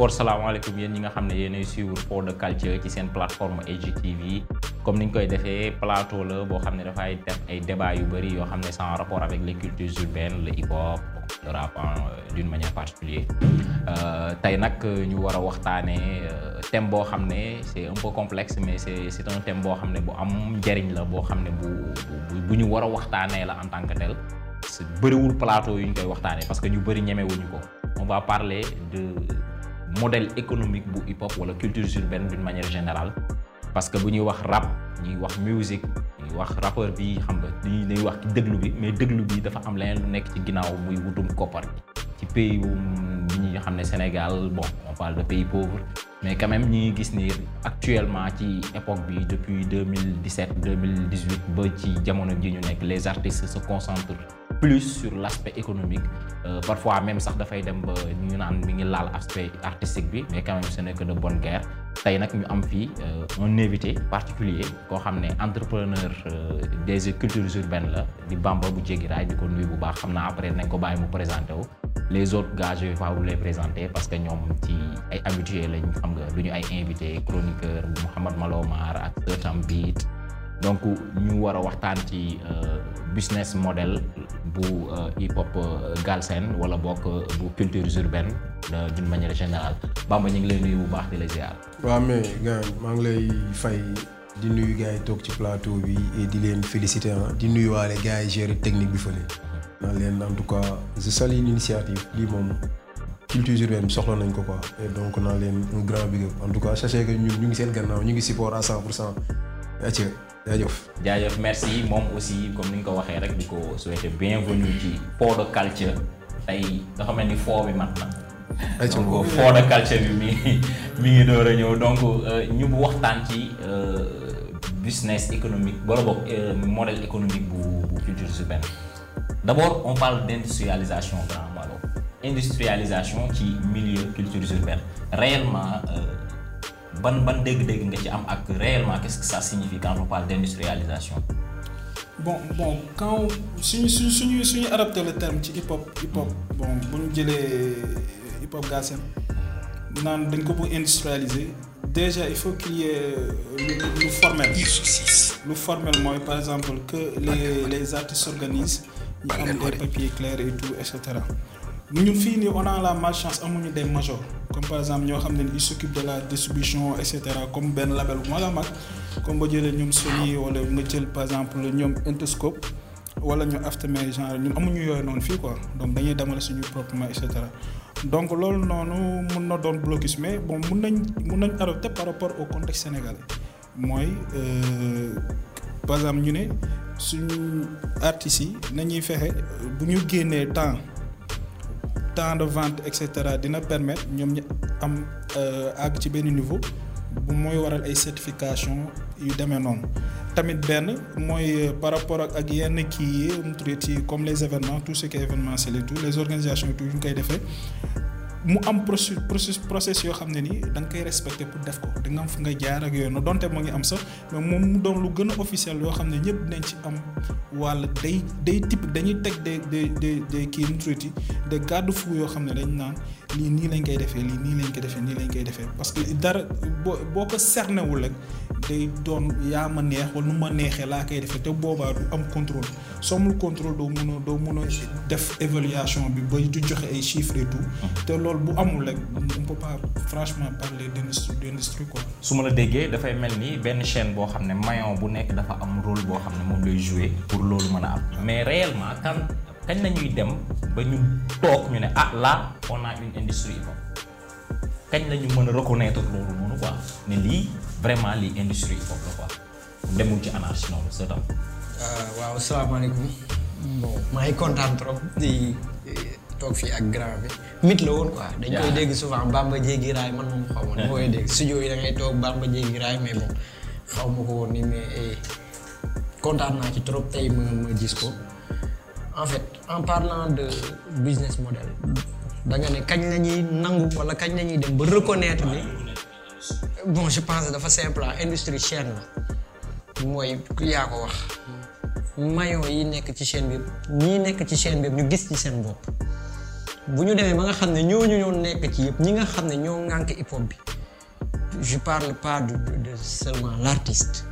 encore salaamaaleykum yéen ñi nga xam ne yéenay suivre Pod de Culture ci seen plateforme EGTV comme ni ñu koy defee plateau la boo xam ne dafay def ay débat yu bëri yoo xam ne sans rapport avec les cultures urbaines le hip-hop le rap d'une manière particulière euh, tey nag euh, ñu war a waxtaanee euh, thème boo xam ne c'est un peu complexe mais c'est c'est un thème boo xam ne bu am njariñ la boo xam ne bu bu ñu war a waxtaanee la en tant que tel bëriwul plateau yu ñu koy waxtaanee parce que ñu bëri ñemewuñu ko modèle économique bu hip hop wala culture urbaine d'une manière générale parce que bu ñuy wax rap ñuy wax musique ñuy wax rappeur bi xam nga dañuy dañuy wax ci déglu bi mais déglu bi dafa am leneen lu nekk ci ginnaaw muy wutum koppar ci pays bi ñuy xam ne Sénégal bon on parle de pays pauvre mais quand même ñi ngi gis ni actuellement ci époque bi depuis 2017 2018 ba ci jamono ji ñu nekk les artistes se concentrent plus sur l'aspect économique euh, parfois même sax dafay dem ba ñu naan mi ngi laal aspect artistique bi mais quand même ce n'est que de bonne guerre tey nag ñu am fii euh, un invité particulier koo xam ne entrepreneur euh, des cultures urbaines la di Bamba bu jéggi raay di ko nuyu bu baax xam naa après nañ ko bàyyi mu présenté wu les autres gars je vais pas vous parce que ñoom ci ay habitués lañ xam nga lu ñu ay invité chroniqueur Mouhamad Malomar ak Tam Beat donc ñu war a waxtaan ci euh, business model bu euh, hip hop euh, galsen wala bokk euh, bu cultures urbaines d'une manière générale Bamba ñu ngi lay nuyu bu baax di la ziar. waaw mais gars maa ngi lay fay di nuyu gars yi toog ci plateau bi et di leen féliciter ah. di nuyuwaale gars yi gérer technique bi fële. naan uh-huh. leen en tout cas je salue l'initiative lii moom culture urbaine soxla nañ ko quoi et donc naan leen un grand big up en tout cas ñu ngi seen gannaaw ñu ngi support à 100 pour cent. jaajëf jaajëf merci moom aussi comme ni nga ko waxee rek di ko souhaiter bienvenue ci Pod de Culture tey dafa mel ni foo bi mat na. donc Pod de Culture bi mi ngi door a ñëw donc euh, ñu waxtaan ci euh, business économique wala boog euh, modèle économique bu bu culture urbaine d'abord on parle d'industrialisation Grand industrialisation ci milieu culture urbaine réellement. ban ban dégg-dégg nga ci am ak réellement qu'est-ce que ça signifie quand on parle d'industrialisation bon bon quand su su suñu suñu adapté le terme ci hip hop hip hop mm. bon bu ñu jëlee euh, hip hop gaasem naan dañ ko bëgg industrialiser déjà il faut qu'il y euh, lu formel lu formel mooy par exemple que les les artistes s'organisent ñu am des papiers clairs et tout et cetera ñu fii nii on a la malchance amuñu des majors comme par exemple ñoo xam ne ils s'occupent de la distribution et comme benn label bu mag a mag comme ba jëlee ñoom Sony wala nga jël par exemple ñoom Interscope wala ñu Aftermath genre ñun amuñu yooyu noonu fii quoi donc dañuy demale suñu proprement et cetera donc loolu noonu mun na doon blocus mais bon mun nañ mun nañ adopté par rapport au contexte sénégalais mooy euh, par exemple ñu ne suñu artistes yi nañuy fexe bu ñu génnee temps. temps de vente et cetera dina permettre ñoom ñu am euh, àgg ci benn niveau bu mooy waral ay certification yu demee noonu tamit benn mooy euh, par rapport ak yenn kii yi mu tuddee comme les événements tout ce qui est événementiel tout les organisations et tout ñu koy defee. mu am processus process yoo xam ne nii da nga koy respecté pour def ko da nga am fu nga jaar ak yooyu no donte moo ngi am sax mais moom mu doon lu gën a officiel yoo xam ne ñëpp dinañ ci am wàll day day type dañuy teg des des des des kii nutriti des garde-fous yoo xam ne dañ naan. lii nii lañ koy defee lii nii lañ koy defee nii lañ koy defee parce que dara boo boo ko cernewul rek day doon yaa ma neex wala nu ma neexee laa koy defee te boobaa du am contrôle soo amul contrôle doo mun a doo mun a def évaluation bi ba du joxe ay chiffres et tout. Mm-hmm. te loolu bu amul rek on peut pas franchement parler d'industrie d'industrie quoi. su ma la déggee dafay mel ni benn chaîne boo xam ne maillon bu nekk dafa am rôle boo xam ne moom lay jouer pour loolu mën a am kañ la ñuy dem ba ñu toog ñu ne ah là on a une industrie hip-hop kañ la mën a reconnaître loolu noonu quoi ne lii vraiment lii industrie hip ci anarchie noonu euh, waaw asalaamaaleykum maa ngi kontaan trop di toog fii ak grand bi mit la woon quoi. dañ koy dégg souvent Bamba Jéegi Raay man moom ma ne. mooy dégg studio yi da toog Bamba Jéegi Raay mais xaw ma ko woon ni mais eh, ci trop tey ma ko. en fait en parlant de business model da nga ne kañ la ñuy nangu wala kañ lañuy dem ba reconnaître ni bon je pense dafa simple ah industrie chaîne la mooy yaa ko wax maillon yi nekk ci chaîne bi ñii nekk ci chaîne bi ñu gis ci seen bopp bu ñu demee ba nga xam ne ñooñu ñoo nekk ci yëpp ñi nga xam ne ñoo ŋànk hip hop bi je parle pas de, de, de seulement l'artiste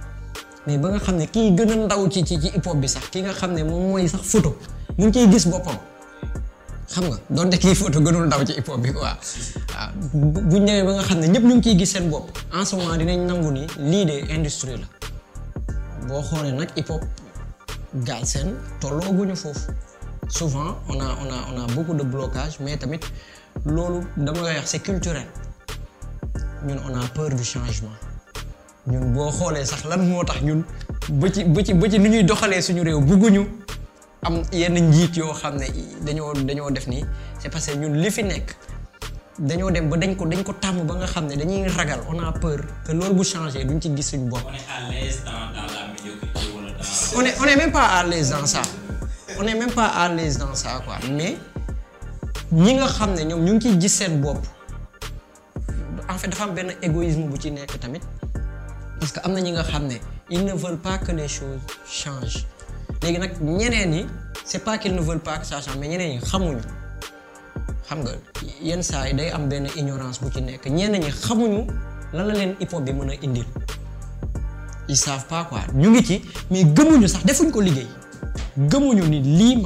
mais ba nga xam ne kii gën a ndaw ci ci ci hip hop bi sax ki nga xam ne moom mooy sax photo mu ngi ciy gis boppam xam nga doonte kii photo gënul ndaw ci hip hop bi quoi waaw ah, buñ ñëwee ba nga xam ne ñëpp ñu ngi ciy gis seen bopp en ce dinañ nangu ni lii de industrie la boo xoolee nag hip hop Galsen tollooguñu foofu souvent on a on a on a beaucoup de blocage mais tamit loolu dama lay wax c'est culturel ñun on peur du changement ñun boo xoolee sax lan moo tax ñun ba ci ba ci ba ci ni ñuy doxalee suñu réew bugguñu am yenn njiit yoo xam ne dañoo dañoo def nii c'est parce que ñun li fi nekk dañoo dem ba dañ ko dañ ko tàmm ba nga xam ne dañuy ragal on a peur que loolu bu changé duñ ci gis suñu bopp. on est pas à l'aise dans ça on même pas à l'aise dans ça quoi ñi nga xam ne ñoom ñu ngi ciy gis seen bopp en fait dafa am benn égoïsme bu ci nekk tamit. parce que am na ñi nga xam ne ils ne veulent pas que les léegi nag ñeneen yi c'est pas qu'ils ne veulent pas que ça change mais ñeneen ñi xamuñu xam nga yenn saa yi day am benn ignorance bu ci nekk ñeneen ñi xamuñu lan la leen hip hop bi mën a indil ils savent ñu ngi ci mais gëmuñu sax defuñ ko liggéey gëmuñu ni lii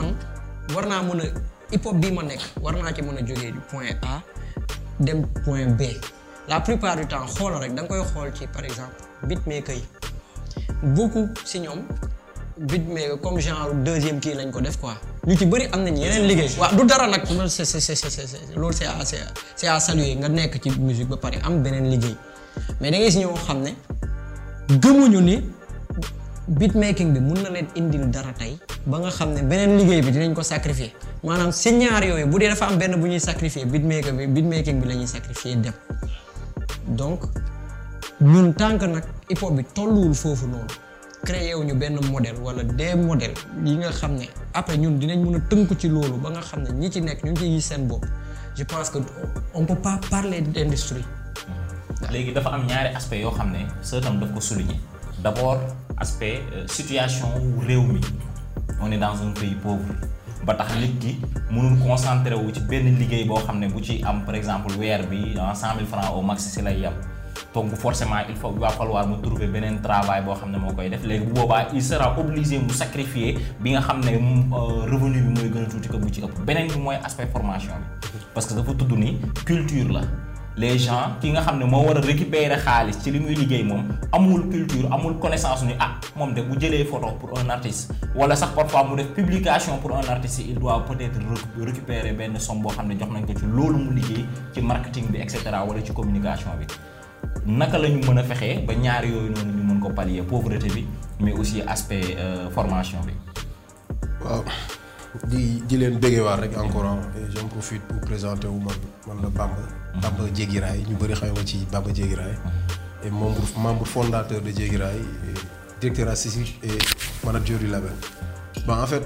war naa mën a hip bii ma nekk war naa ci mën a jógee du point A dem point B la plupart du temps xoolal rek da koy xool ci par exemple. bit beatmaker yi beaucoup si ñoom beatmaker comme genre deuxième kii lañ ko def quoi ñu ci bëri am nañu yeneen liggéey. waaw du dara nag loolu c'est c'est loolu c'est à c'est à saluer nga nekk ci musique ba pare am beneen liggéey mais da ngay si ñoo xam ne gëmuñu ni bit beatmaking bi mun na leen indil dara tey ba nga xam ne beneen liggéey bi dinañ ko sacrifier maanaam si ñaar yooyu bu dee dafa am benn bu ñuy sacrifier beatmaker bi beatmaking bi la ñuy sacrifier dem donc. ñun tànk nag hip hop bi tolluwul foofu noonu créé wu ñu benn modèle wala de modèles yi nga xam ne après ñun dinañ mun a tënku ci loolu ba nga xam ne ñi ci nekk ñu ngi ciy gis seen bopp je pense que on peut pas parler d'industrie. léegi dafa am ñaari aspect yoo xam ne sa tam daf ko souligner d'abord aspect euh, situation wu réew mi on est dans un pays pauvre ba tax nit ki mënul concentré wu ci benn liggéey boo xam ne bu ci am par exemple weer bi ah, cent mille francs au max si lay yem. donc forcément il faut il va falloir mu trouver beneen travail boo xam ne moo koy def léegi bu boobaa il sera obligé mu sacrifier bi nga xam ne euh, revenu bi mooy gën a tuuti ko bu ci ëpp beneen bi mooy aspect formation bi parce que dafa tudd ni culture la les gens ki nga xam ne moo war a récupérer xaalis ci li muy liggéey moom amul culture amul connaissance ni ah moom de bu jëlee photo pour un artiste wala sax parfois mu def publication pour un artiste il doit peut-être boo xam ne jox nañ ko loolu liggéey ci marketing bi et wala ci communication bi naka la ñu mën a fexee ba ñaari yooyu noonu ñu mën ko pallier pauvreté bi mais aussi aspect euh, formation bi. waaw di di leen béggewaat rek encore et j'en profite pour présenter wu man man la Bamba. Mm-hmm. Bamba Jéggi Raay ñu bëri xayma ci Bamba Jéggi Raay. Mm-hmm. et membre membre fondateur de Jéggi Raay directeur assistif et manager label. bon en fait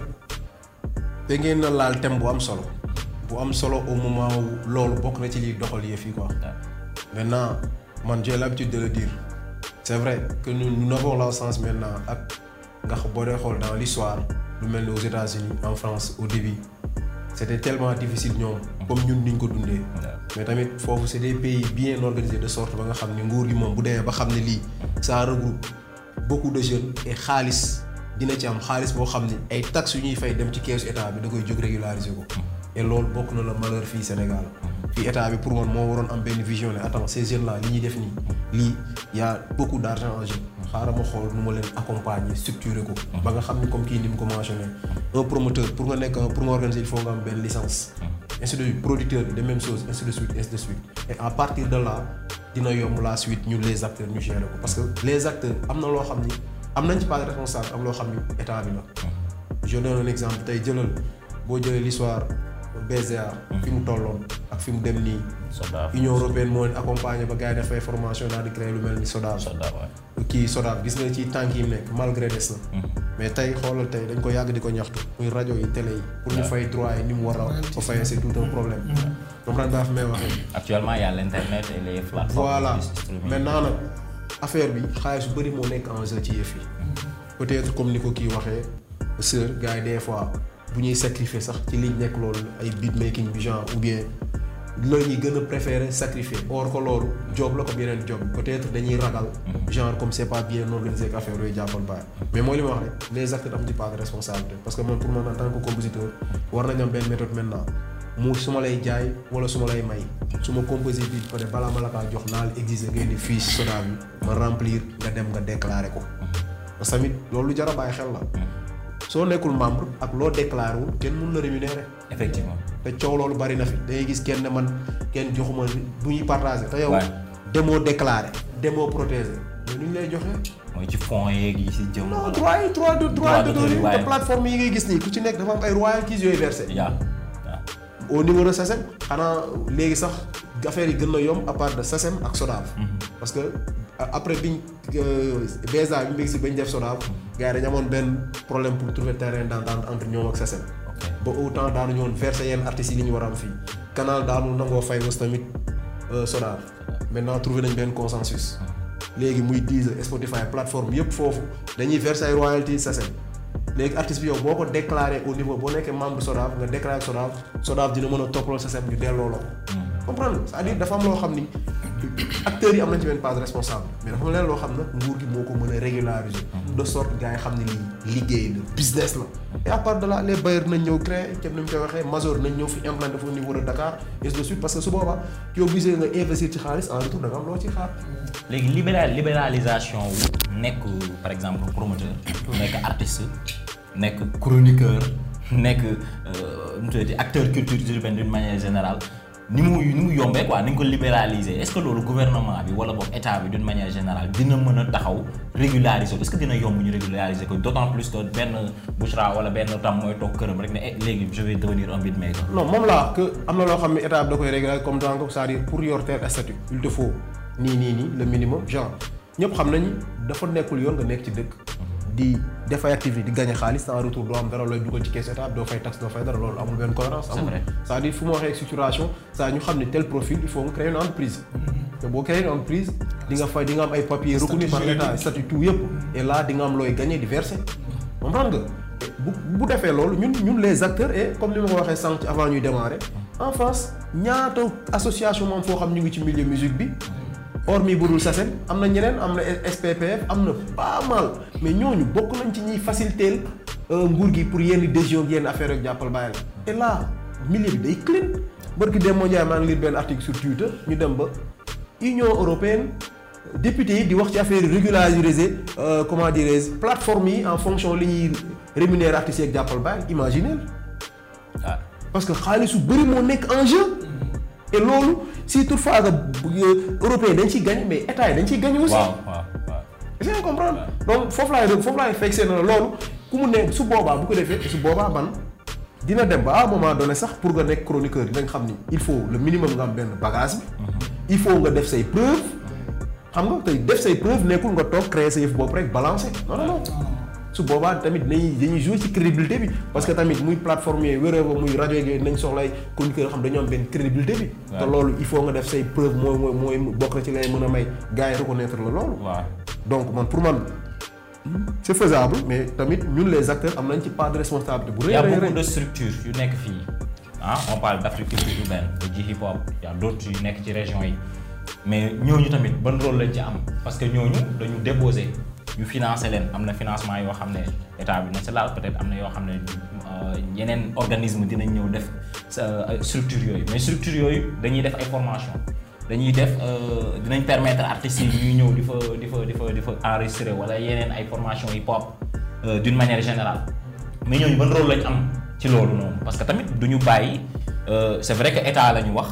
da ngeen na laal thème bu am solo. bu am solo au moment loolu bokk na ci lii doxal yëf yi quoi. maintenant. man j'ai l'habitude de le dire c'est vrai que nous nous avons la chance maintenant ak nga boo dee xool dans l'histoire lu mel ni aux États-Unis en France au début c'était tellement difficile ñoom comme ñun niñ ko dundee mais tamit foofu c'est des pays bien organisés de sorte ba nga xam ne nguur gi moom bu demee ba xam ne lii ça regroupe beaucoup de jeunes et xaalis dina ci am xaalis boo xam ni ay taxes yu ñuy fay dem ci keesu état bi da koy jóg régulariser ko et loolu bokk na la malheur fii Sénégal di état bi pour man moo waroon am benn vision ne attends ces jeunes là li ñuy def nii lii y a beaucoup d' xaaral ma xool nu ma leen accompagner structurer ko ba nga xam ni comme kii ni mu ko mentionné un promoteur pour nga nekk pour nga organiser il faut nga am benn licence ainsi de de même chose ainsi de suite et à partir de là dina yomb la suite ñun les acteurs ñu gérer ko parce que les acteurs am na loo xam ni am nañ loo xam ni état bi la je donne un exemple tey BCA. fi mu tolloon ak fi mu dem nii. SODAV Union européenne moo leen ba gars yi dafay formation daal di créé lu mel ni SODAV. kii SODAV gis nga ci tànk yi mu nekk malgré des na. Hmm. mais tey xoolal tey dañ ko yàgg di ko ñaxtu. muy rajo yi télé yi. pour ñu fay droit yi ni mu war a ko fayee c'est tout un problème. Hmm. donc ren baax may waxee. actuellement y a l'internet et les plateformes. voilà maintenant nag affaire bi xaalis su bëri moo nekk en ci yëf yi. Hmm. peut-être comme ni ko kii waxee sœur gars yi des fois. bu ñuy sacrifier sax ci liñ nekk loolu ay beat making du genre ou bien loolu ñuy gën a préférer sacrifier or ko loolu job la ko yeneen job peut-être dañuy ragal. genre comme c'est pas bien organisé que affaire yooyu jàppoon baax mais mooy li ma wax rek les acteurs am ci part de responsabilité parce que man pour man en tant que compositeur war nañu am benn méthode maintenant mu su ma lay jaay wala su ma lay may su ma composé bi peut être balaa ma la kaa jox naa la exiger ngay ni fii Sodav bi ma remplir nga dem nga déclarer ko tamit loolu lu jar xel la. soo nekkul membre ak loo déclaré wu kenn mun la rémunérer. effectivement te coow loolu bari na fi da ngay gis kenn man kenn joxuma bu ñuy partagé. te yow demoo déclaré. demoo protégé mais nu lay joxe. mooy ci fonds yeeg yi si jëm. non droit yi droit de droit de te plateforme yi ngay gis nii ku ci nekk dafa am ay royalties yooyu versé. waaw waaw. au niveau de SACEM xanaa léegi sax affaire yi gën na yomb à part de SACEM ak SODAV. Mhm. parce que euh, après biñ BSA euh, bi mu ngi si bañ def SODAV. gars yi dañu amoon benn problème pour trouver terrain d'entente entre ñoom ak SACEM. ba autant daanu ñëwoon verser yenn yi li ñu war a am fii. canal daanu nangoo fay was tamit euh, Sodaar. maintenant trouvé nañ benn consensus. léegi muy Deezer Spotify plateforme yëpp foofu dañuy verser ay royalties SACEM. léegi artiste bi yow boo ko déclaré au niveau boo nekkee membre Sodav nga déclaré Sodav Sodav dina mën a toppaloo SACEM ñu delloo la ko. Hmm. comprendre cest à acteurs yi am nañ ci benn part responsable mais dafa leen loo xam ne nguur gi moo ko mën a régulariser. de sorte gars xam ne lii liggéey la business la. et à de là les bailleurs nañ ñëw créer képp ni mu koy waxee major nañ ñëw fi implanté foofu niveau de Dakar et su boobaa yow obligé nga investir ci xaalis en retour da am loo ci xaar. léegi libéral nekk par exemple promoteur. nekk artiste nekk chroniqueur nekk euh, nu acteur culture urbaine d'une ni mu ni mu yombee quoi nañ ko libéraliser est-ce que loolu gouvernement bi wala boog état bi d'une manière générale dina mën a taxaw régulariser ko est-ce que dina yomb ñu régulariser ko d'autant plus que benn Bouchra wala benn tam mooy toog këram rek ne eh léegi je vais devenir un beatmaker. non moom laa que am na loo xam ne état bi da koy régulariser comme dans le c'est-à-dire nii nii nii le minimum genre ñëpp xam nañu dafa nekkul yoon nekk ci dëkk. Mhm. di def ay activité di gagné xaalis en retour doo am dara looy dugal ci caisse état doo fay taxe doo fay dara loolu amul benn cohérence amul cest à fu ma waxee structuration saa ñu xam ne tel profil il faut nga créer entreprise te boo créer une entreprise di nga fay di am ay papiers reconnus par l'état statut tout yëpp et là di am looy gagné di versé comprendre bu bu defee loolu ñun ñun les acteurs et comme ni ma ko waxee sànq avant ñuy démarrer en France ñaata association moom foo xam ñu ngi ci milieu musique hormis budul SACEM am na ñeneen am na SPPF am na pas mal mais ñooñu bokk nañ ci ñuy faciliter euh, nguur gi pour yenn décision yenn affaire ak jàppal bàyyi la te là milieu bi day clean barki Demba Ndiaye maa ngi lire benn article sur Twitter ñu dem ba Union européenne député yi di wax ci affaire régulariser euh, comment dirais-je plateforme yi en fonction li ñuy rémunérer artistes yi ak jàppal bàyyi imaginez ah. parce que xaalis su bëri moo nekk en et loolu si toutefois que euh, européen dañ ciy gañ mais état yi dañ ciy gagné aussi. waaw waaw waaw. est-ce que comprendre donc foofu laay foofu laay fekk seen loolu ku mu ne su boobaa bu ko defee su boobaa man dina dem ba à un moment donné sax pour nga nekk chroniqueur dinañ xam ni il faut le minimum nga am benn bagage bi. Mhm. il faut nga def say preuve. xam nga tey def say preuve nekkul nga toog créer sa yëf bopp rek balancer non non su boobaa tamit nañuy dañuy jouer ci crédibilité bi parce que tamit muy plateforme yooyu wéré ba muy rajo yooyu nañ soxlay chroniqueur yoo xam dañoo am benn crédibilité bi te loolu il faut nga def say preuve mooy mooy mooy bokk na ci lay mën a may gars yi reconnaître la loolu donc man pour man c'est faisable mais tamit ñun les acteurs am nañ ci part de responsabilité bu rëy a rëy. de structures yu nekk fii ah on parle d'Afrique culture urbaine yu nekk ci région yi mais ñooñu tamit ban rôle lañ ci am parce que ñooñu dañu déposer ñu financé leen am na financement yoo xam ne état bi na si laal peut am na yoo xam ne euh, yeneen organisme dinañ ñëw def sa euh, structure yooyu mais structure yooyu dañuy def ay formation dañuy def euh, dinañ permettre artistes yi ñuy ñëw di fa di fa di fa di fa enregistré wala yeneen ay formation hip hop d'une manière générale mais ñooñu ban rôle lañ am ci loolu noonu parce que tamit du ñu bàyyi c'est vrai que état la ñu wax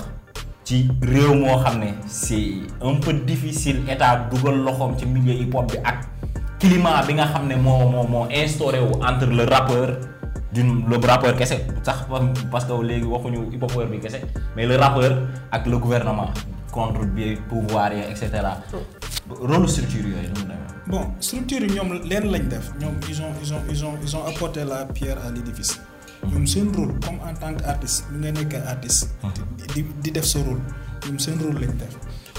ci réew moo xam ne c'est un peu difficile état dugal loxoom ci milieu bi ak climat bi nga xam ne moo moo moo instauré wu entre la rappeur d'une le rappeur kese sax parce que léegi waxuñu hip bi kese mais le rappeur ak le gouvernement contre bi pouvoir yi et cetera rôle structure yooyu nu mu demee. bon structure yi ñoom leen lañu def ñoom ils ont ils ont ils ont ils ont apporté la pierre à l'édifice ñoom seen rôle comme en tant que artiste ñu nga nekk artiste. di di def sa rôle ñoom seen rôle lañ def.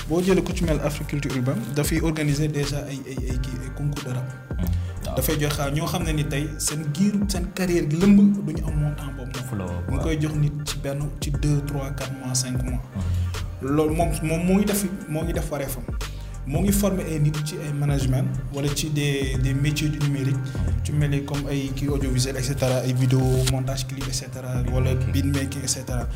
boo jëlee ku ci mel agriculture urbaine dafay organiser déjà ay ay ay kii ay concours de rap. Hmm. dafay jox xaar ñoo xam ne ni tey seen giiru seen carrière lëmb du ñu am montant boobu. waaw mu koy jox nit ci benn ci deux trois quatre mois cinq mois. Hmm. loolu moom moom moo ngi def moo ngi def wareefam moo ngi former ay nit ci ay management wala ci des des métiers du numérique ci mel ni comme ay kii audiovisuel et cetera ay vidéo montage clip et cetera wala beatmaking et cetera.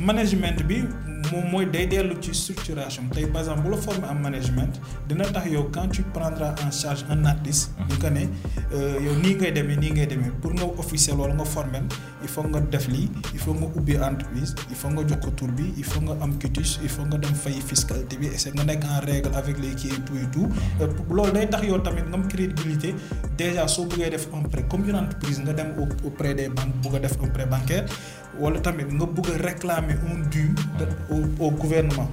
management bi moom mooy day dellu ci structuration tey par exemple bu la former am management dina tax yow quand tu prendras en charge un artiste. ñu ko ne euh, yow nii ngay demee nii ngay demee pour nga officiel wala nga formel il faut nga def lii il faut nga ubbi entreprise il faut nga jox ko tur bi il faut nga am quitus il faut nga dem fay fiscalité bi et nga nekk en règle avec les kii tout et tout euh, day tax yow tamit nga am crédibilité déjà soo bëggee def un prêt comme une entreprise nga dem auprès des banques bëgg a def un prêt bancaire. wala tamit nga bëgg a réclamer un dû au au gouvernement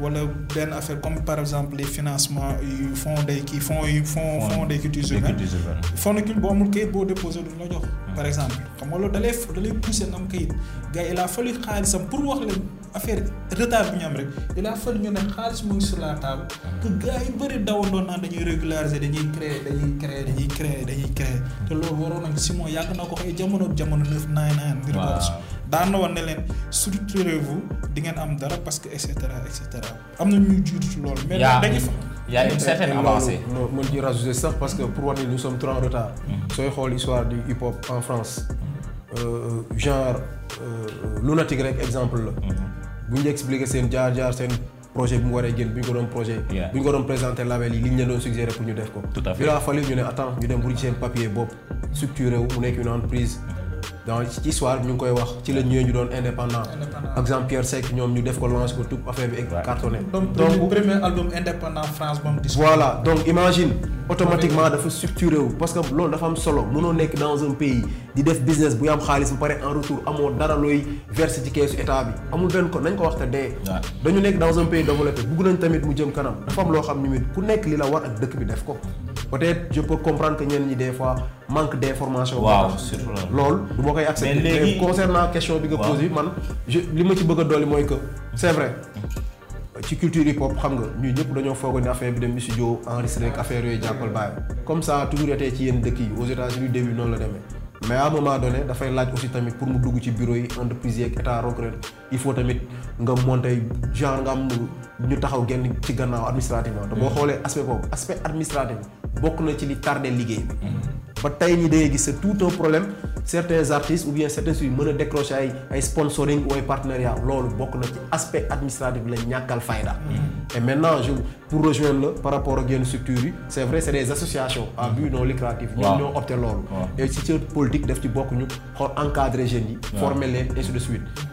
wala benn affaire comme par exemple les financements yu fonds day kii fonds yu fonds fonds d'équités humaines fonds d'équités boo amul kayit boo déposé duñ la jox hmm. par exemple xam nga loolu da lay da lay poussé na am kayit gars il a fallu xaalisam pour wax leen affaire retard bi ñu am rek il a fallu ñu ne xaalis mu ngi sur la table hmm. que gars yi bëri dawandoon naan dañuy régulariser dañuy créer dañuy créer dañuy créer dañuy créer te loolu waroon nañ Simon yàgg na ko ay jamono jamono neuf nine nine mbir boobu daan na woon ne leen structurez-vous di ngeen am dara parce que et cetera et cetera am na ñuy jiitu ci loolu. mais dañuy fa. y a une certaine avancée. non mën ci rajouter sax parce que pour wax ni nous sommes trop en mm-hmm. sooy xool histoire du hip hop en France. Mm-hmm. Euh, genre euh, lunatique rek exemple la. Mm-hmm. bu ñu expliquer seen jaar jaar seen. projet bu mu waree génn bu ñu ko doon projet. bu ñu ko doon présenté label yi li ñu leen doon pour ñu def ko. tout à fait a fallu ñu ne attends ñu dem bu seen papier donc ci soir ñu koy wax ci la ñëwee ñu doon indépendant. ak Jean Pierre Seck ñoom ñu def ko lancé ko tout donc imagine automatiquement dafa structuré wu parce que loolu dafa am solo mënoo nekk dans un pays di def business bu am xaalis bu pare en retour amoo dara looy verser ci keesu état bi amul benn ko nañ ko wax te dee. dañu nekk dans un pays développé bugg nañ tamit mu jëm kanam dafa am loo xam ni ku nekk li la war ak dëkk bi def ko peut-être je peux comprendre que ñenn ñi des fois manque d'information. dama koy accepté. mais léegi concernant question bi nga posé man je li ma ci bëgg a dolli mooy que c' est vrai. Mm-hmm. ci culture hip hop xam nga ñun ñëpp dañoo foogoon ne affaire bi dem studio enregistré ak affaire yooyu jàppal bàyyi comme ça toujours été ci yenn dëkk yi aux États-Unis début noonu la demee. mais à un dafay laaj aussi tamit pour mu dugg ci bureau yi entreprise yeeg état recret il faut tamit nga monter genre nga am ñu taxaw genn ci gannaaw administrativement te boo mm. xoolee aspect boobu aspect administratif bokk na ci li tardé liggéey bi mm. ba tey nii day gis c'est tout un problème certains artistes ou bien certains suy mën a décrocher ay ay sponsoring ou ay loolu bokk na ci aspect administratif la ñàkkal fayda mm. et maintenant je pour rejoindre la par rapport ak yenn structures yi c'est vrai c'est des associations à but politique daf ci bokk ñu xool encadrer yi. former leen de suite.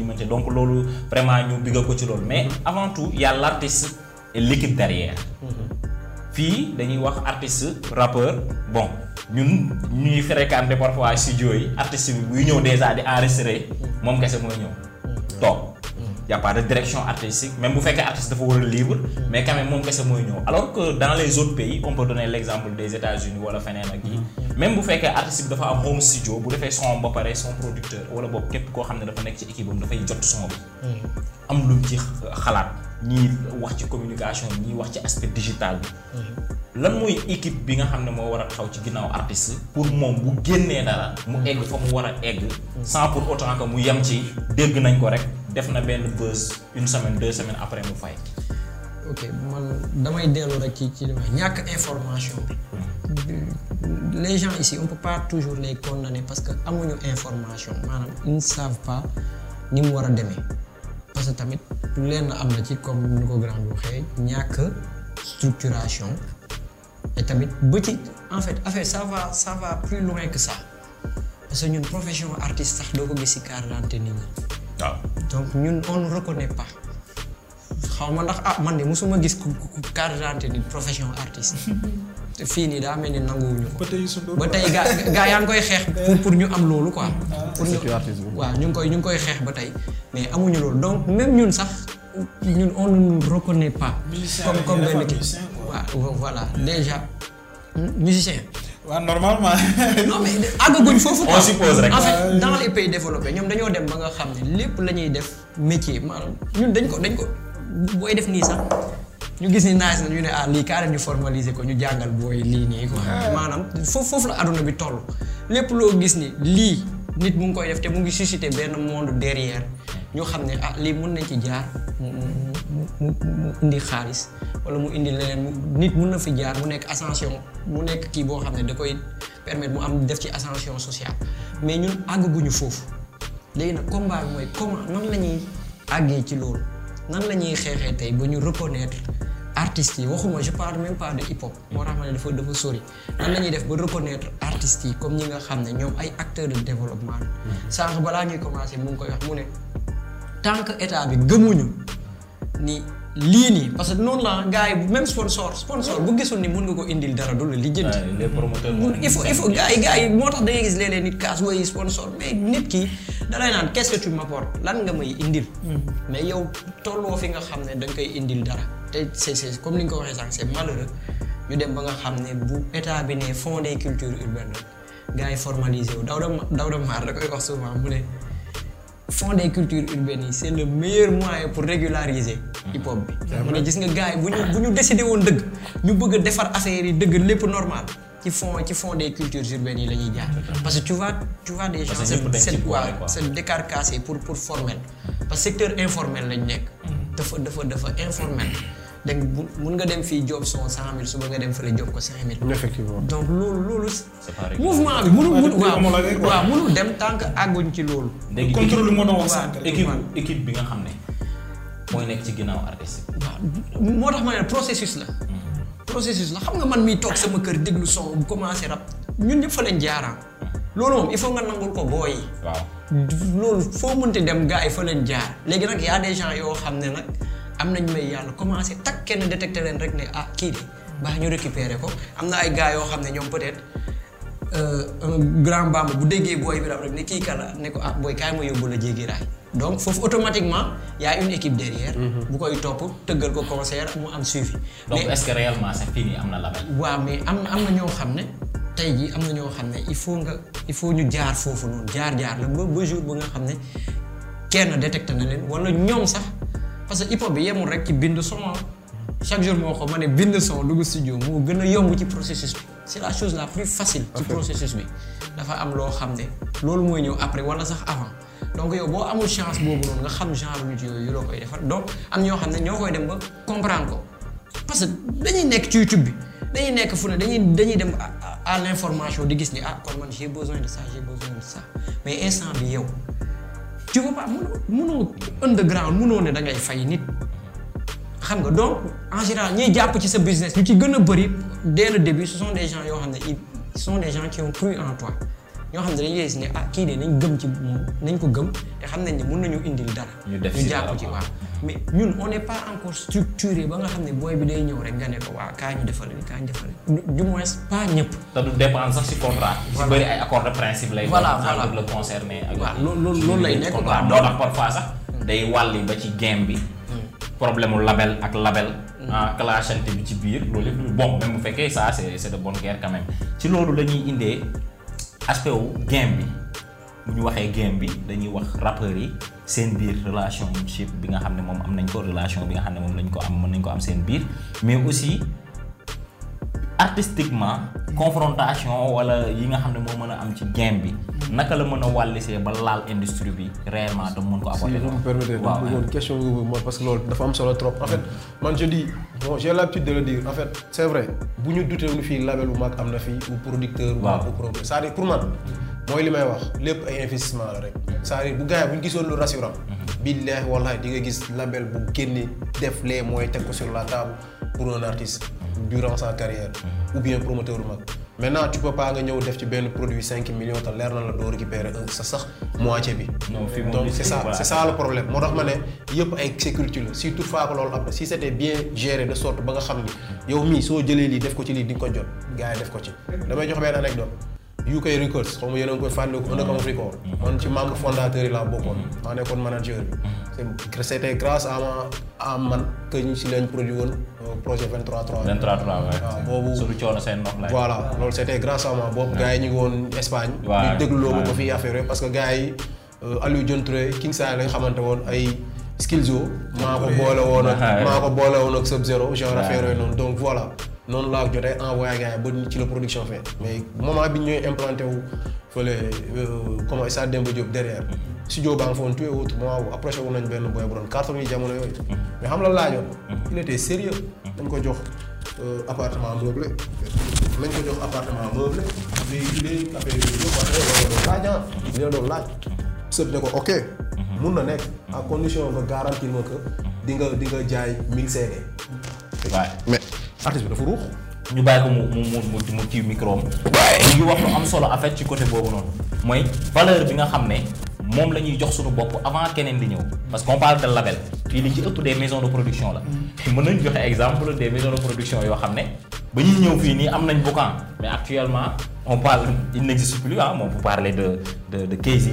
xamante donc loolu vraiment ñu bigga ko ci loolu mais mhm. avant tout y a l'artiste et mhm. fii dañuy wax artiste rappeur bon ñun ñuy fréquenté parfois studio yi artiste bi buy ñëw déjà di enregistré mhm. moom kese mooy ñëw toog y a pas de direction artistique même bu fekkee artiste dafa war a libre mais quand même moom kese mooy ñëw alors que dans les autres pays on peut donner des États-Unis wala feneen ak yi même bu fekkee artiste bi dafa am home studio bu defee son ba pare son producteur wala boobu képp ko xam ne dafa nekk ci équipe am dafay jot son bi. Hmm. am lu mu ci xalaat ñii wax ci communication bi ñii wax ci aspect digital bi. Hmm. lan mooy équipe bi nga xam ne moo war a taxaw ci ginnaaw artiste pour moom bu génnee dara. mu hmm. egg fa mu war a egg. sans pour autant que mu yem ci dégg nañ ko rek def na benn buzz une semaine deux semaine après mu fay. ok man damay dellu rek ci ci ñàkk information bi les gens ici on peut pas toujours les condamner parce que amuñu information maanaam ils ne pas ni mu war a demee parce que tamit lenn am na ci comme nu ko grand waxee ñàkk structuration tamit ba en fait affaire sava va ça va plus loin que ça parce que ñun profession artiste sax doo ko gis ci carte nit ñi ah. donc ñun on ne pas xaw ma ndax ah man de mosuma gis ku carte d'identité ni profession artiste te fii nii daa mel ni nanguwuñu ko ba tey gaa gaa yaa ngi koy xeex pour ñu am loolu ko ah, ah. pour ñu waaw ñu ngi koy ñu ngi koy xeex ba tey mais amuñu loolu donc même ñun sax ñun on ne reconnaît pas comme comme benn kii waaw voilà déjà hmm, musicien waa normalement. non foofu. on suppose rek ah, pays développés ñoom dañoo dem ba nga xam ne lépp la ñuy def métier maanaam ñun dañ ko dañ ko. booy def nii sax ñu gis ni naaj na ñu ne ah lii kaare ñu formaliser ko ñu jàngal booy lii nii quoi. maanaam foofu foofu la àdduna bi toll. lépp loo gis ni lii nit mu koy def te mu ngi suscité benn monde derrière ñu xam ne ah lii mun nañ ci jaar mu indi xaalis wala mu indi leneen nit mun na fi jaar mu nekk ascension mu nekk kii boo xam ne da koy permettre mu am def ci ascension sociale mais ñun àgguñu foofu léegi nag combat bi mooy comment nan la ñuy àggee ci loolu. nan la ñuy xeexee tey ba ñu reconnaître artistes yi waxuma je parle même pas de hip hop moo tax ma ne dafa dafa sori nan la ñuy def ba reconnaître artistes yi comme ñi nga xam ne ñoom ay acteurs de développement la. Mm-hmm. sànq balaa ñuy commencé mu ngi koy wax mu ne tant que état bi gëmuñu ni. lii nii parce que noonu la gars yi même sponsor sponsor bu gisul ni mun nga ko indil dara du la lijjanti. les il faut il yi gars yi moo tax da ngay gis léeg-léeg nit kaas wooyi sponsor mais nit ki da lay naan qu'est-ce que tu m'apportes lan nga may indil. Mm-hmm. mais yow tolloo fi nga xam ne da koy indil dara te c'est c'est comme ni nga ko waxee sànq c'est malheureux ñu dem ba nga xam ne bu état bi ne fond des cultures urbaines gars yi formalisé wu daw da maar da koy wax souvent mu ne. fonds des cultures urbaines yi c' est le meilleur moyen pour régulariser hip hop bi mu ne gis nga gars bu ñu bu ñu décidé woon dëgg ñu bëgg defar affaire dëgg lépp normal ci fond ci fond des cultures urbaines yi la ñuy jaar parce que tu vois tu vois des gens c'est waaw c'est décarcassé pour pour formel parce que secteur informel lañ nekk mm. dafa dafa dafa informel dégg nga mun nga dem fii job son cent mille suba nga dem fële job ko cinq mille. effectivement donc loolu loolu. mouvement bi mënul mënul waaw waaw mënul dem tant que àgguñ ci loolu. léegi contrôle moo doon wax bi nga xam ne mooy nekk ci ginnaaw artiste. waaw moo tax ma ne processus la. Hmm. processus la xam nga man miy toog sama kër déglu son bu commencé rap ñun ñëpp fa leen jaaraan. loolu moom il faut nga nangul ko booy waaw loolu foo mënti dem gaa yi fa leen jaar léegi nag y a yoo xam ne nag. am nañ may yàlla commencé takk kenn détecté leen rek ne ah kii bi baax ñu récupéré ko am na ay gars yoo xam ne ñoom peut-être euh, grand ma bu déggee booy bi rek ne kii kala ne ko ah booy kaay ma yóbbu la jéggi raay donc foofu automatiquement y a une équipe derrière. Mm-hmm. bu koy topp tëggal ko concert mu am suivi. mais donc est-ce que sax fii nii am na label. waaw mais am am na ñoo xam ne tey jii am na ñoo xam ne il faut nga il faut ñu jaar foofu noonu jaar jaar la ba ba jour ba nga xam ne kenn détecté na leen wala ñoom sax. parce que hip hop bi yemul rek ci bind son ah. chaque jour moo ko mane ne bind son dugg studio moo gën a yomb ci processus bi c'est la chose la plus facile. ci processus bi dafa am loo xam ne loolu mooy ñëw après wala sax avant donc yow boo amul chance boobu noonu nga xam genre nit yooyu yu la koy defar donc am ñoo xam ne ñoo koy dem ba comprendre ko parce que dañuy nekk ci YouTube bi dañuy nekk fu ne dañuy dañuy dem à l'information di gis ni ah kon man j'ai besoin de ça j'ai mais instant bi yow. ci vois pas munoo mënoo underground munoo ne da fay nit xam nga donc en général ñiy jàpp ci sa business ñu ci gën a bëri dès le début ce des gens yoo xam ne ils son des gens qui en toi. ñoo xam ne ah, kii nañ gëm ci nañ ko gëm te xam nañ ne nañu indil dara. ñu def ci jàpp ci waaw mais ñun on n'est pas ba nga xam ne booy bi day ñëw rek nga ne ko waaw kaa ñu defal li ñu defal ñëpp. te du dépendre sax ci contrat. voilà bëri ay accord de principe lay. voilà voilà le concerné ak. waaw loolu loolu lay nekk quoi doo tax hmm. day wàlli ba ci game bi. Hmm. problème mu label ak label. Hmm. ah clashante bi ci biir loolu yëpp bon même bu fekkee ça c'est c'est de bonne guerre quand ci loolu la ñuy indee. aspect wu game bi bu ñu waxee game bi dañuy wax rappeurs yi seen biir relationship bi nga xam ne moom am nañ ko relation bi nga xam ne moom lañ ko am mën nañ ko am seen biir mais aussi artistiquement confrontation wala yi nga xam ne moo mën a am ci game bi naka la mën a wàllisee ba laal industrie bi réellement dama mën ko que loolu am solo trop en man je en fait bu ñu dutee ni fii label bu mag am na fi ou producteur bu mag ou problème cest pour man mooy li may wax lépp ay investissement la rek cest bu gars yi bu ñu gisoon lu rassurant mhm. billahi wallahi di nga gis label bu génne def les mooy teg ko sur la table pour un artiste durant sa carrière ou bien promoteur mag maintenant tu peux pas nga ñëw def ci benn produit cinq millions te leer na la doo récupérer sa sax moitié bi donc c'est ça c'est ça le problème moo tax ma ne yëpp ay sécurité la si toutefois que loolu am na si c'était bien géré de sorte ba nga xam ni yow mii soo jëlee lii def ko ci lii di nga ko jot gars yi def ko ci damay jox benn anecdote UK Records xaw ma yéen a ngi koy fàttaliku ko ah. Undercover Record man ci membre fondateur yi laa bokkoon mm. maa nekkoon manager bi mm. c' était grâce à man que ñu si lañ produit woon euh, projet 23 3 23 3 waaw boobu suñu coono seen nopp la voilà loolu c' était grâce à moi boobu gars ñu woon Espagne ñu dégluloo ma ba fii affaire parce que gars yi euh, Aliou John Touré King Sall xamante woon ay Skilzo maa ko boole woon ak maa ko boole woon ak Sub Zero genre affaire yooyu noonu donc voilà noonu laa jotee envoyé gars yi ba ci la production fait mais moment bi ñuy implanté wu fële euh, comment ça ba Diop derrière mm-hmm. si baa nga fa woon tuye wut moment wu approché nañ benn boy bu doon carton jamono yooyu mais xam la laajoon mm-hmm. il était dañ euh, ko jox appartement meublé ko jox appartement meublé léegi léegi affaire yooyu laaj ko ok mm-hmm. mun na nekk condition nga garantir ma di nga di nga jaay mille CD artiste bi dafa ruux. ñu bàyyi ko mu mu mu mu tiw micro am. waaye ñu wax lu am solo en ci côté boobu noonu. mooy valeur bi nga xam ne moom la ñuy jox suñu bopp avant keneen di ñëw. parce qu'on parle de label. fii li ci ëpp des maisons de production la. Mm. mën nañu joxe exemple des maisons de production yoo xam ne. ba ñuy ñëw fii nii am nañ bokkan mais actuellement on parle il n'existe plus ah moom pour parler de de de Kayz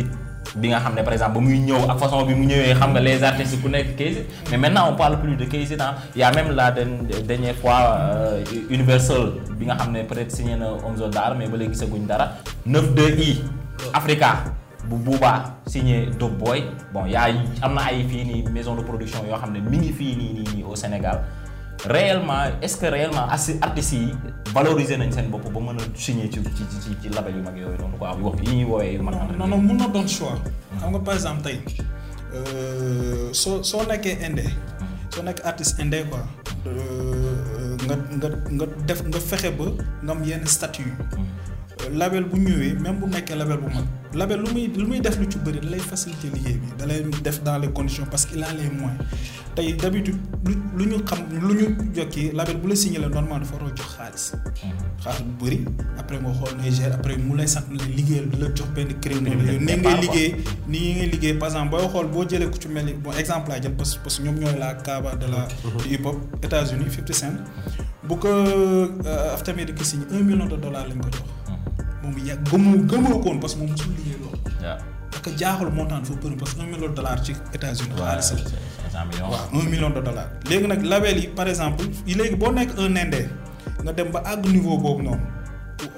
bi nga xam ne par exemple ba muy ñëw ak façon bi mu ñëwee xam nga les artistes ku nekk Kayz mais maintenant on parle plus de Kayz ah y' a même la dernière fois euh, Universal bi nga xam ne peut-être signé na Omzo Dollar mais ba léegi gisaguñ dara de i Africa bu Booba signé Dope Boy bon yaa am na ay fii nii maison de production yoo xam ne mi ngi fii nii nii nii au Sénégal. réellement est-ce que réellement assi artistes yi valoriser nañ seen bopp ba mën a signer ci ci ci ci label yu mag yooyu noonu quoi wax yi ñuy woowee yu mag. non non mun na doon choix. xam nga par exemple tey euh, soo soo nekkee indé soo nekk artiste indé quoi. Euh, nga nga nga def nga fexe ba nga am yenn statut. label bu ñëwee même bu nekkee label bu mag label lu muy lu muy def lu ci bëri da lay faciliter liggéey bi da def dans les conditions parce qu'il a les moyens tey lu ñu xam lu ñu jokki label bu la signé la normalement dafa war a jox xaalis xaalis bu bëri après nga xool ngay après mu lay sant la liggéeyal la jox benn créneau la yow ni nii ngay liggéey par exemple booy xool boo jëlee ku ci mel ni bon exemple laa jël parce que ñoom ñooy la kaaba de la mhm. hip hop États-Unis ko euh, After America signé un million de dollars ko jox moom bu yàgg ba mu gëmoo ko woon parce que moom suñu liggéey loolu. waaw parce que jaaxul montant dafa bëri parce que un million de ci États-Unis la waaw un million de dollars. léegi nag label yi par exemple léegi boo nekk un indé nga dem ba àgg niveau boobu noonu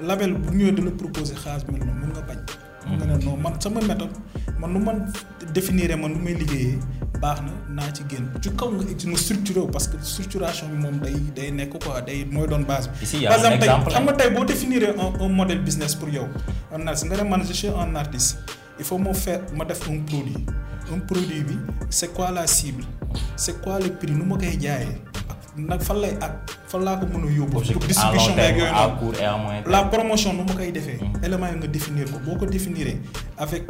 label bu ñëwee dala proposer xaalis mel mun nga bañ. mu ne non man sama méthode man nu man définir man nu may liggéeyee baax na naa ci génn ci kaw nga ci mu structuré parce que structuration bi moom day day nekk quoi day mooy doon base bi. ici par exemple tey nga tey boo définir un un modèle business pour yow un artiste nga ne man je suis un artiste il faut moo faire ma def un produit un produit bi c'est quoi la cible c'est quoi le prix nu ma koy jaayee. nag fan lay ak fan laa ko mën a yóbbu. distribution beeg yooyu noonu la promotion nu ma koy defee. Mm. éléments yi nga définir ko boo ko définiree avec.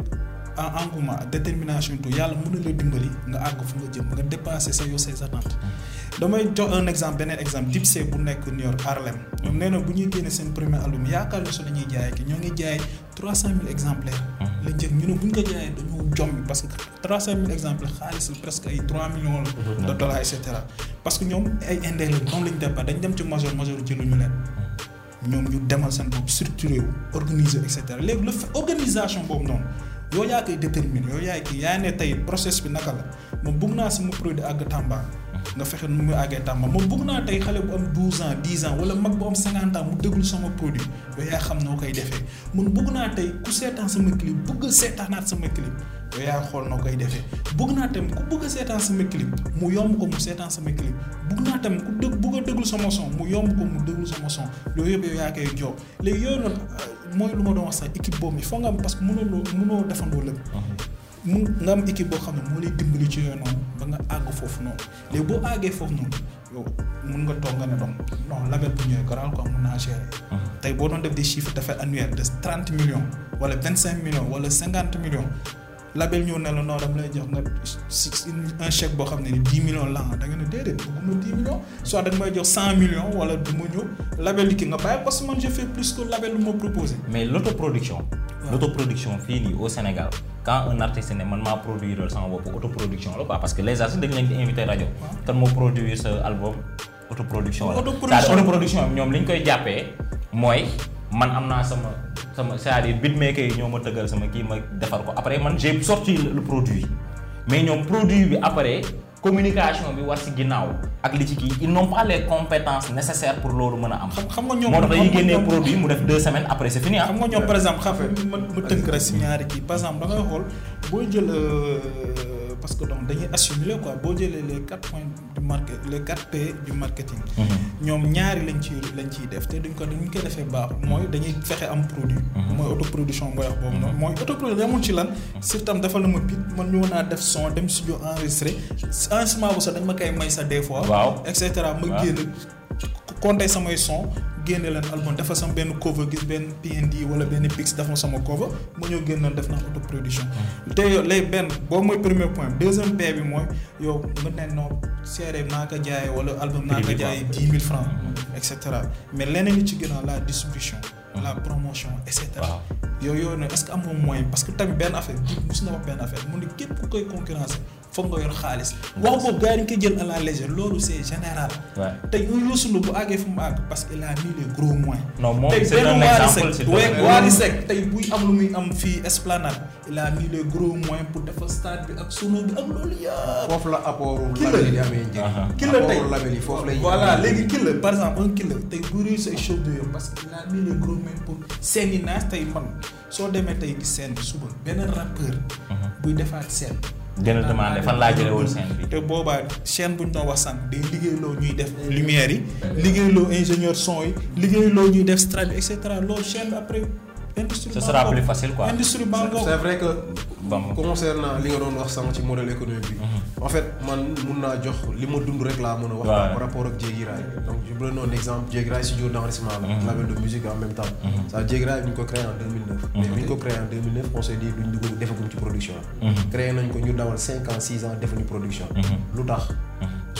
en engouement détermination tout yàlla mën na la dimbali nga àgg fu nga jëm nga dépasser sa yow ses attentes damay jox un exemple beneen exemple Dipsey bu nekk New Harlem ñoom bu ñuy génne seen premier album yaakaar na su dañuy jaay ki ñoo ngi jaay trois cent mille exemplaires hmm. la njëg ñu ne bu ñu ko jaayee dañoo parce que trois cent mille exemplaires xaalis la presque ay trois millions hmm. de dollars et parce que ñoom ay indee la moom lañ dem ci major major ci lu ñu leen hmm. ñoom ñu demal seen bopp structuré yoo yaa koy déterminer yow yaay kii yaa ne tey process bi naka la moom bugg naa sama produit àgg Tamba nga fexe nu muy àggee tàmma moom bëgg naa tey xale bu am 12 ans 10 ans wala mag bu am 50 ans mu déglu sama produit yow yaa xam noo koy defe mun bëgg naa tey ku seetaan sama clip bëgg a seetaanaat sama clip yow noo koy defee bëgg naa tam ku bëgg a seetaan sama clip mu yomb ko mu seetaan sama clip bëgg naa tam ku dëgg bëgg a sama son mu yomb ko mu déglu sama son loolu yëpp yow yaa koy jox léegi yooyu noonu euh, mooy lu ma doon wax sax équipe boobu il faut parce que mënoo mënoo defandoo lépp uh-huh. mu nga am équipe boo xam ne moo lay dimbali ci yooyu noonu ba nga àgg foofu noonu léegi boo àggee foofu noonu yow mun nga toog nga ne donc non label bu ñëwee garaal quoi mun naa gérer. tey boo doon def des chiffres d'affaires annuels de trente millions wala vingt cinq millions wala cinquante million label ñëw ne la non dama lay jox nga un chèque boo xam ne ni dix millions la ah, da nga ne déedéet bëgguma dix millions soit da nga may jox cent millions wala du ma ñëw label ki nga bàyyi parce que man je fais plus que label lu ma proposé. mais l'autoproduction. waaw l'autoproduction fii nii au Sénégal. quand un artiste ne man maa produire sama bopp autoproduction la quoi parce que les artistes dañ leen di rajo. kan moo produire sa album autoproduction la. autoproduction la autoproduction ñoom li ñu koy jàppee mooy. man am naa sama sama c'est-à-dire beatmaker ñoo ma tëggal sama kii ma defar ko après man j'ai sorti le produit mais ñoom produit bi après communication bi war si ginnaaw ak li ci kii ils n'ont pas les compétences nécessaires pour loolu mën a am. xam nga ñoom moo tax dañuy génnee produit mu def deux semaines après c'est fini ah. xam nga ñoom par exemple xam nga ma tënk rek si ñaari kii par exemple da xool booy jël. Euh, parce que donc dañuy assimilé quoi boo jëlee les quatre points du market les quatre P du marketing. Mhm. ñoom ñaari lañ ci lañ ciy def te duñ ko duñ ko defee baax mooy dañuy fexe am produit. Mhm. mooy autoproduction booy wax boobu mhm. mooy mooy autoproduction yamul ci lan. surtout dafa la ma pit man ñu mën a def son dem si studio enregistré enregistrement bu sax dañ ma koy may sa des fois. waaw et cetera ma génn compter samay son. génne leen album dafa sama benn cover gis benn PND wala benn Pix dafa sama cover mu ñëw génnoon def naa autoproduction. Mm. te yow lay benn boo mooy premier point deuxième point bi mooy yow mën nañ noo seere naa ko jaay wala album naa ko jaayee dix mille francs mm. et cetera mais leneen li ci gën a la distribution. Mm. la promotion et cetera. yow yooyu nag est-ce que amoo moyen parce que tamit benn affaire bi mos na wax benn affaire mu ne képp ku koy concurrence foog nga yor xaalis. wax boobu yi dañ jël la parce que il a mis les gros moyens. non am lu muy am fii Esplanade il a mis les gros pour defar stade ak sono bi la apportu label foofu lay. voilà léegi kii par exemple un kii tey bu réussir ay choses parce que il a gros moyens pour seen i tey man soo demee tey gis seen suba benn rappeur. Mhm. buy defaat seen. gën a demandé fan laa jëlee woon seen bi. te boobaa chaîne bu ñu doon wax sànq day liggéeyloo ñuy def lumière yi. liggéeyloo ingénieur son yi loo ñuy def strat et cetera loolu chaîne après. industrie c'est vrai que. concernant li nga doon wax sama ci modèle économique bi. Mm-hmm. en fait man mun naa jox li ma dund rek laa mën a. wax par rapport ak Jéggi Raay. donc je prends un exemple Jéggi Raay studio d'enregistrement mm-hmm. la. label de musique en même temps. Mm-hmm. ça Jéggi Raay bi ñu de créé en mais bi ko créé en 2009 on s'est dit duñ dugg defaguñ ci production. créé nañ ko ñu dawal 5 ans 6 ans defuñu production. lu tax.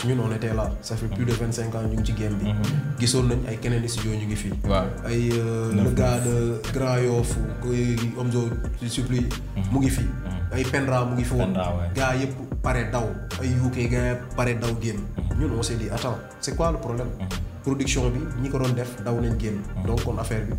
ñun on était là ça fait plus de vingt cinq ans ñu ngi ci game bi. Mhm. gisoon nañ ay keneen studio ñu ngi fii. waaw ay euh, le gars de Grand Yoff Omzo Supli mhm. mu ngi fii. Mhm. ay Pendra mu ngi fi woon. gars yëpp pare daw ay UK gars yëpp pare daw génn. ñun on s'est dit c'est quoi le problème. production bi ñi ko doon def daw nañ génn. donc kon affaire bi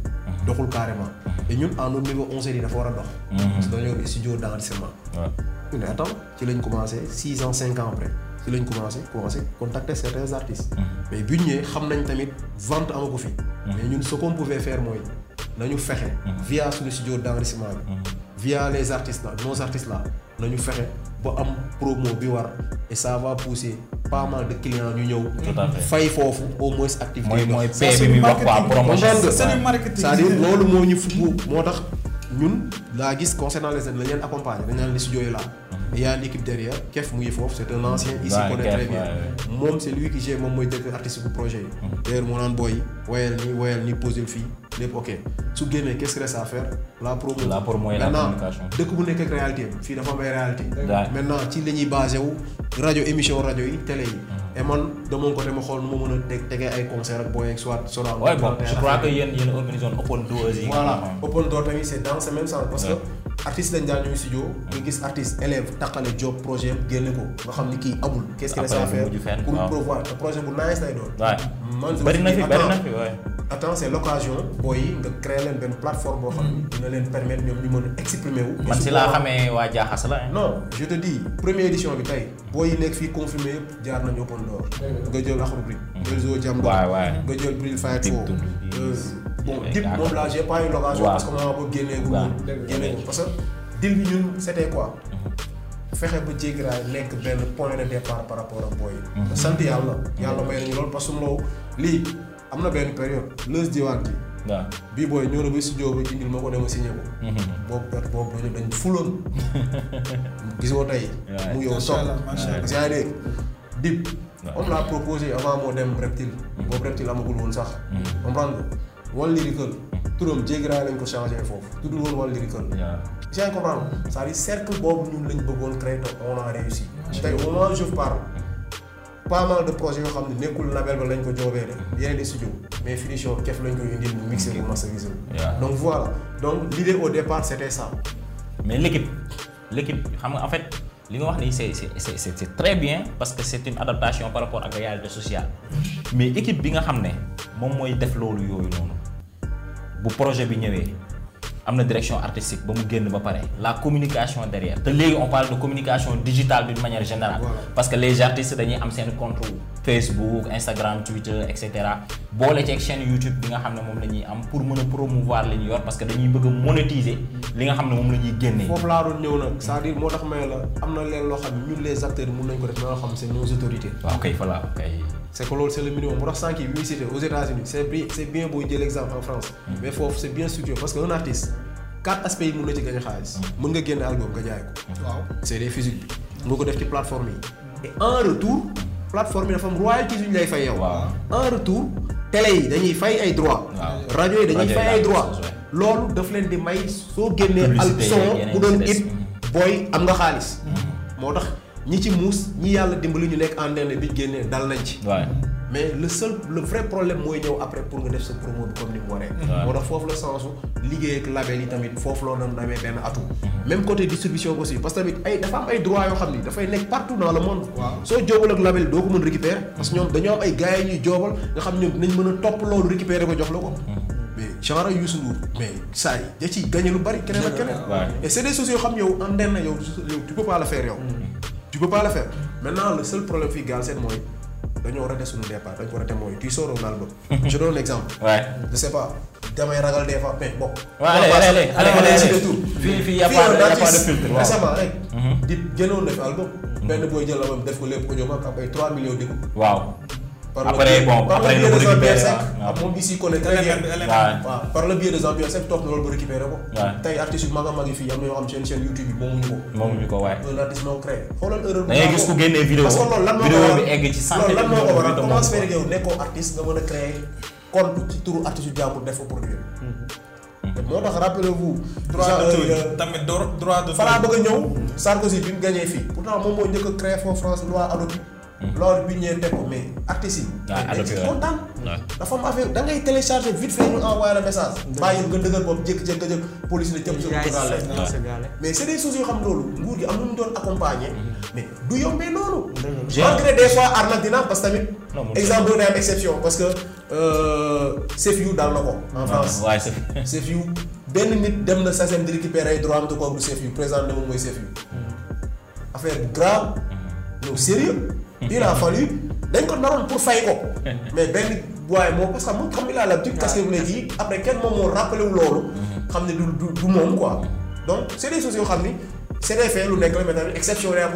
doxul carrément. et ñun à notre niveau on s'est dafa war a dox. parce que dañoo studio d'enregistrement. waaw ñu ne attends ci lañ commencé cinq ans après. ci lañ commencé commencé contacter certains artistes. Mm-hmm. mais bu ñu xam nañ tamit vente ama ko fi. Mm-hmm. mais ñun ce qu'on pouvait faire mooy nañu fexe. Mm-hmm. via suñu studio d'enregistrement bi. via les artistes là nos artistes là nañu fexe bu am promo bi war et ça va pousser pas mal de clients ñu ñëw. fay foofu au moins activité. mooy mooy paie bi wax quoi promotion. cest à loolu moo ñu fu moo tax ñun laa gis concernant les jeunes la ñu leen accompagner dañu naan yaa y a l'équipe Kef mu ngi foofu c'est un ancien il s'y connaît moom c'est lui qui gère moom mooy dëkk artiste projet yi mm-hmm. d'ailleurs moo naan booy wayal ni wayal ni posé fii lépp ok su génnee qu'est-ce que reste à faire la promo la promo et la communication dëkk bu nekk ak fii dafa am ay réalité ci la ñuy basé wu rajo émission rajo yi télé yi mm-hmm. et man de mon côté ma xool nu ma mën a teg tegee ay concert ak booy ak soit Soda je crois que yéen yéen yi voilà artiste lañ daal ñooy studio ñu gis artiste élève taqale job projet génne ko nga xam ni kii amul qu'est-ce qu'il va faire pour prévoir projet bu nice lay doon man bari na fi bari na fi l'occasion booy yi nga créer leen benn plateforme boo xam ne mm. dina leen permettre ñoom ñu mën a wu man si laa xamee waa jaaxas la non je te dis première édition bi tey booy yi nekk fii confirmé yëpp jaar nañu open door nga jël axaru bri mm. nga jël jàmbo nga jël bril fire bon dip moom laa j'ai pas eu l'occasion parce que maman ko génnee guma génnee parce que dil bi ñun c'était quoi fexe ba jéggiraay nekk benn point de départ par rapport ak booy mhm. yi mhm. parce que sumulaw lii am na benn période leus diwaan bi waaw bii booy ñëw na ba studio bi indil ma ko dem a signé ko. Mhm. boobu dootu boobu dañu dañ fuloon. gisoo tey. proposé avant moo dem reptile. boobu reptile amagul woon sax. comprendre nga. One Lyrical turam jéggi raay lañ ko changé foofu tuddul woon One Lyrical. waaw j' ai comprendre cercle boobu ñun lañ bëggoon créer te on a réussi. tey au moment où je mal de projets yoo xam ne nekkul label ba lañ ko joobee de yeneen i studio mais finition kef lañ koy indil mu mixé mu masterisé donc voilà donc l'idée au départ c' était ça. mais l'équipe l'équipe xam nga en fait li nga wax nii c'est c'est c'est très bien parce que c'est une adaptation par rapport ak réalité sociale mais bi nga xam ne moom mooy def loolu yooyu noonu. bu projet bi ñëwee am na direction artistique ba mu génn ba pare la communication derrière te léegi on parle de communication digitale d'une manière générale parce que les artistes dañuy am seen compte Facebook Instagram Twitter et cetera boole ceeg chaîne YouTube bi nga xam ne moom la am pour mën a promouvoir li ñu yor parce que dañuy bëgg a monétiser li nga xam ne moom la ñuy génnee foofu laa doon ñëw nag cest dire moo tax may la am na leen loo xam ne les acteurs mun loo xam c'est nos autorités waaw kay c'est que loolu c'est le minimum mu tax sànq yi bi muy cité aux États-Unis c'est bien c'est bien booy jël exemple en France mm. mais foofu c'est bien structuré parce que un artiste quatre aspects yi mën na ci gagner xaalis mm. mën nga génn album nga jaay ko mm. waaw c'est des physique bi mën ko def ci plateforme yi et en retour plateforme yi dafa am royalties yu ñu lay fay yow en retour télé yi dañuy fay ay droits rajo yi dañuy fay ay droits loolu dafa leen di may soo génnee a son bu doon am nga xaalis moo tax ñi ci muus ñi yàlla dimbali ñu nekk en denne bi génnee dal nañ ci. mais le seul le vrai problème mooy ñëw après pour nga def sa promo comme ni mu waree. moo tax foofu la sensu liggéey ak la doon amee mm-hmm. tamit ay dafa am ay droit yoo xam ni dafay nekk soo joobal ak label doo ko mën récupérer parce que ñoom dañoo am ay gars yi ñuy joobal nga xam ñoom dinañ mën a topp loolu récupérer ko jox la ko. Mm-hmm. mais genre Youssou Ndour mais saa yi da ciy lu bari. keneen ak keneen. et c'est des yoo xam yow en denne yow tu peux tu peux pas le faire maintenant le seul problème fii gaal seen mooy dañoo raté suñu départ dañ ko raté mooy tu sors un album. je donne l'exemple. waay je sais pas damay ragal des fois mais bon. fii fii y a pas y a filtre waaw mhm. di génnoon na album. Mhm. benn booy jël album def ko lépp audio ak ay 3 millions d'écoute. waaw. après bon après lu mu récupéré waaw moom ici connaît très bien waaw par le biais des Jean Pierre Seck toog na loolu ba récupéré ko tey artiste yu mag a mag yi fii am na yoo xam seen chaîne YouTube yi moomuñu ko moomuñu ko waaye un artiste non créé xoolal erreur da ngay gis ku génnee vidéo parce que loolu lan moo ko waral vidéo bi egg ci santé lan moo ko waral comment se fait yow nekkoo artiste nga mën a créer compte ci turu artiste yu jàmbur def ko produire mhm. moo tax rappelez-vous. droit de euh, tamit droit de. Fara bëgg a ñëw. Sarkozy bi mu gagné fii pourtant moom moo njëkk a créé foofu France loi Hadopi. loolu bi ñëwee teg ko mais artistes ah, dafa am affaire da ngay télécharger vite fait ñu envoyé la message. bàyyi nga dëgër boobu jékki-jékki jékki police ne jëm sa mais c'est des xam loolu nguur gi am nu mu doon accompagner. Mm. mais du yombee noonu. malgré des fois arnaque dina am parce que tamit. exemple doo day am exception parce que CFU euh, daal na ko. en France waaw waay benn nit dem na SACEM di récupérer droit am de kooku du CFU président de moom mooy CFU. Mm. affaire grave. Mm. non sérieux il a fallu dañ ko naroon pour fay ko mais benn waaye moom parce que moom xam nga la petite casquette bu ne après kenn moom moo rappelé loolu. xam ne du du moom quoi. donc c' est des choses xam ni c' est des faits nekk la mais tamit exception day am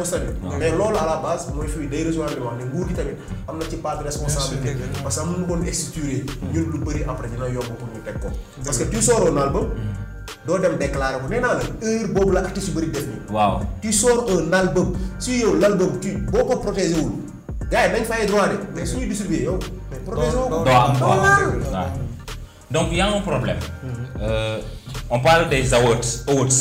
mooy fii day recevoir li wax ne nguur gi tamit am na ci part de responsabilité. parce que amuñu ko ñun lu bëri après dina yomb pour ñu teg ko. parce que tu sóoroo naal ba. Mm. doo dem déclarer ko nee naa la heure boobu la artiste yu bëri def nii. waaw tu sors un album si yow l' album boo ko protégé wul gars yi nañ fay droit de mais suñuy am waaw donc y' a un problème. Mm-hmm. Euh, on parle des awards awards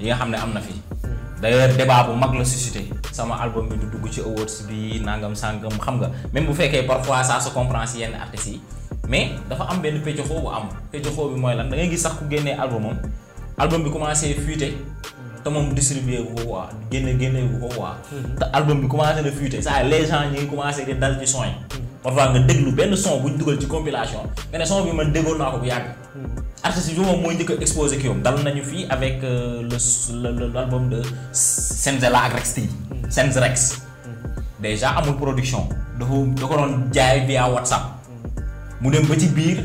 yi nga xam ne am na fi. Mm-hmm. d' ailleurs débat bu mag la suscité sama album bi du dugg ci awards bi nangam sangam xam nga même bu fekkee parfois ça se comprend yenn artistes yi. mais dafa am benn pëccoxoo bu am pëccoxoo bi mooy lan da ngay gis sax ku génnee albumam album bi commencé fuité te moom distribué bu ko waa génne génne bu ko waa hmm. te album bi commencé na fuité saa les gens ñu ngi commencé di dal ci son yi parfois nga déglu benn son bu ñu dugal ci compilation nga ne son bi man déggoon naa ko bu yàgg hmm. artiste bi moom mooy njëkk a exposé ki yoom dal nañu fii avec euh, le l'album de e la Rex T hmm. Senz Rex déjà amul production dafa da ko doon jaay via WhatsApp mu dem ba ci biir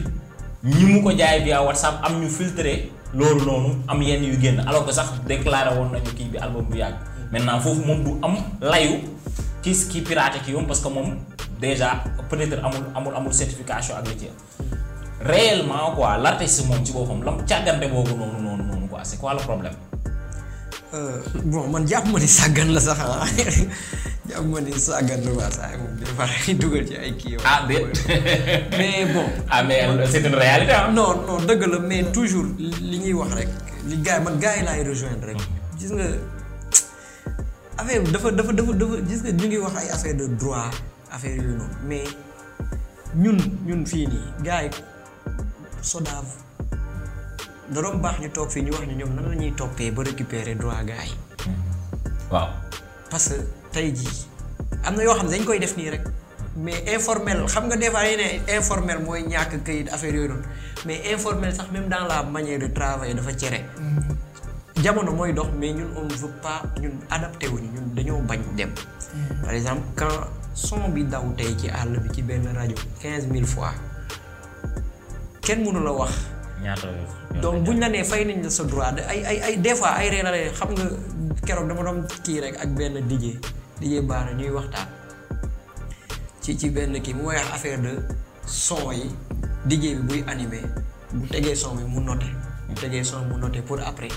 ñi mu ko jaay via WhatsApp am ñu filtré loolu noonu am yenn yu génn alors ko sax déclaré woon nañu kii bi album bu yàgg. maintenant foofu moom du am layu ci ki piraté ki yoom parce que moom déjà peut-être amul amul amul certification ak la ci réellement quoi l'artiste moom ci boppam lam càggante boobu noonu noonu noonu quoi c'est quoi problème. Euh, bon man jàpp ma sàggan la sax ah jàpp ma sàggan la waa kii. ah mais bon. ah mais c'est une réalité ah. non non dëgg la mais toujours li ñuy wax rek li gars yi man gars yi laay rejoindre rek gis nga affaire dafa dafa dafa dafa gis nga ñu ngi wax ay affaire de droit affaire yooyu noonu mais ñun ñun fii nii gars yi SODAV. da baax ñu toog fii ñu wax ñu ñoom nan la ñuy toppee ba récupérer droit gars yi. waaw. parce que tey jii am na yoo xam ne dañ koy def nii rek mais informel xam nga des fois dañuy ne informel mooy ñàkk këyit affaire yooyu noonu mais informel sax même dans la manière de travail dafa cere. Mm-hmm. jamono mooy dox mais ñun on ne veut ñun adapté wuñu ñun dañoo bañ dem. Mm-hmm. par exemple quand son bi daw tey ci àll bi ci benn rajo quinze mille fois kenn mënu wax. ñaata donc ñu la nee fay nañ la sa droit ay ay ay des fois ay reerale xam nga keroog dama doon kii rek ak benn DJ DJ na ñuy waxtaan ci ci benn kii mu may affaire de son yi DJ bi buy animé bu tegee son bi mu noté bu tegee son mu noté pour après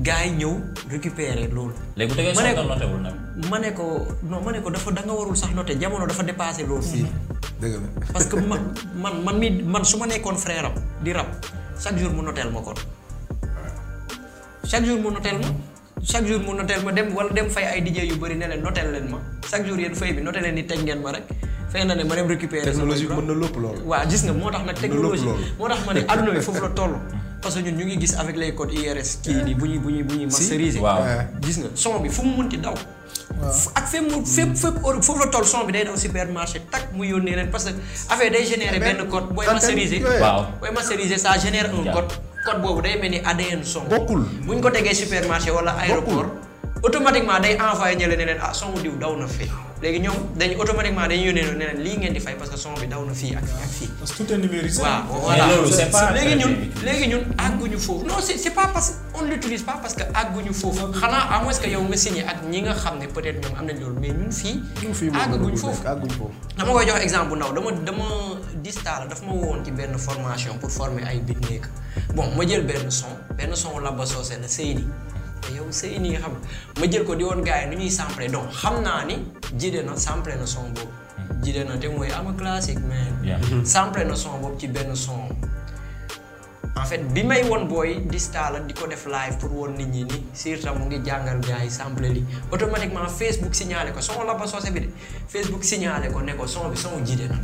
gars yi ñëw récupérer loolu. léegi bu tegee son nga noté wul ma ne ko non ma ne ko dafa da nga warul sax noté jamono dafa dépassé loolu fii. parce que man man man mi man su ma nekkoon frère di rap. chaque jour mu noteel ma kon chaque jour mu noteel ma chaque jour mu noteel ma dem wala dem fay ay DJ yu bëri ne leen noteel leen ma chaque jour yéen fay bi noteel leen ni teg ngeen ma rek fay na ne ma dem récupérer technologie mën na loolu waaw gis nga moo tax nag technologie moo tax ma ne adduna bi foofu la toll parce que ñun ñu ngi gis avec les codes IRS kii nii bu ñuy bu ñuy bu ñuy masteriser gis nga son bi fu mu munti daw ak fépp mu fépp hmm. fépp Europe foofu la toll son bi day daw supermarché tak mu yónnee leen parce que affaire day générer benn code booy masteriser booy masteriser ça génère un code code boobu day mel ni ADN son bokkul bu ñu ko tegee supermarché wala aéroport automatiquement day envoyé ñële ne leen ah son diw daw na fi léegi ñoom dañu automatiquement dañu yónnee noonu ne lii ngeen di fay parce que son bi daw na fii ak fii parce que tout est waaw voilà léegi ñun léegi ñun àgguñu foofu non c'est c'est pas parce que on l'utilise pas parce que àgguñu foofu xanaa à moins que yow nga signé ak ñi nga xam ne peut-être ñoom am nañ loolu mais ñun fii. àgguñu foofu àgguñu foofu. dama koy jox exemple bu ndaw dama dama distaala daf ma woon benn formation pour former ay beatmaker bon ma jël benn son benn son la ba soosee la Seydi te yow sa ini xam ma jël ko di woon gars yi nu ñuy sample donc xam naa ni Djidé na sample na son boobu. Djidé na te mooy ama classique mais. sample na son boobu ci benn son. en fait bi may woon booy di staala di ko def live pour woon nit ñi ni surtout mu ngi jàngal gars semple sample li automatiquement Facebook signalé ko son la ba soose bi de Facebook signalé ko ne son bi son Djidé na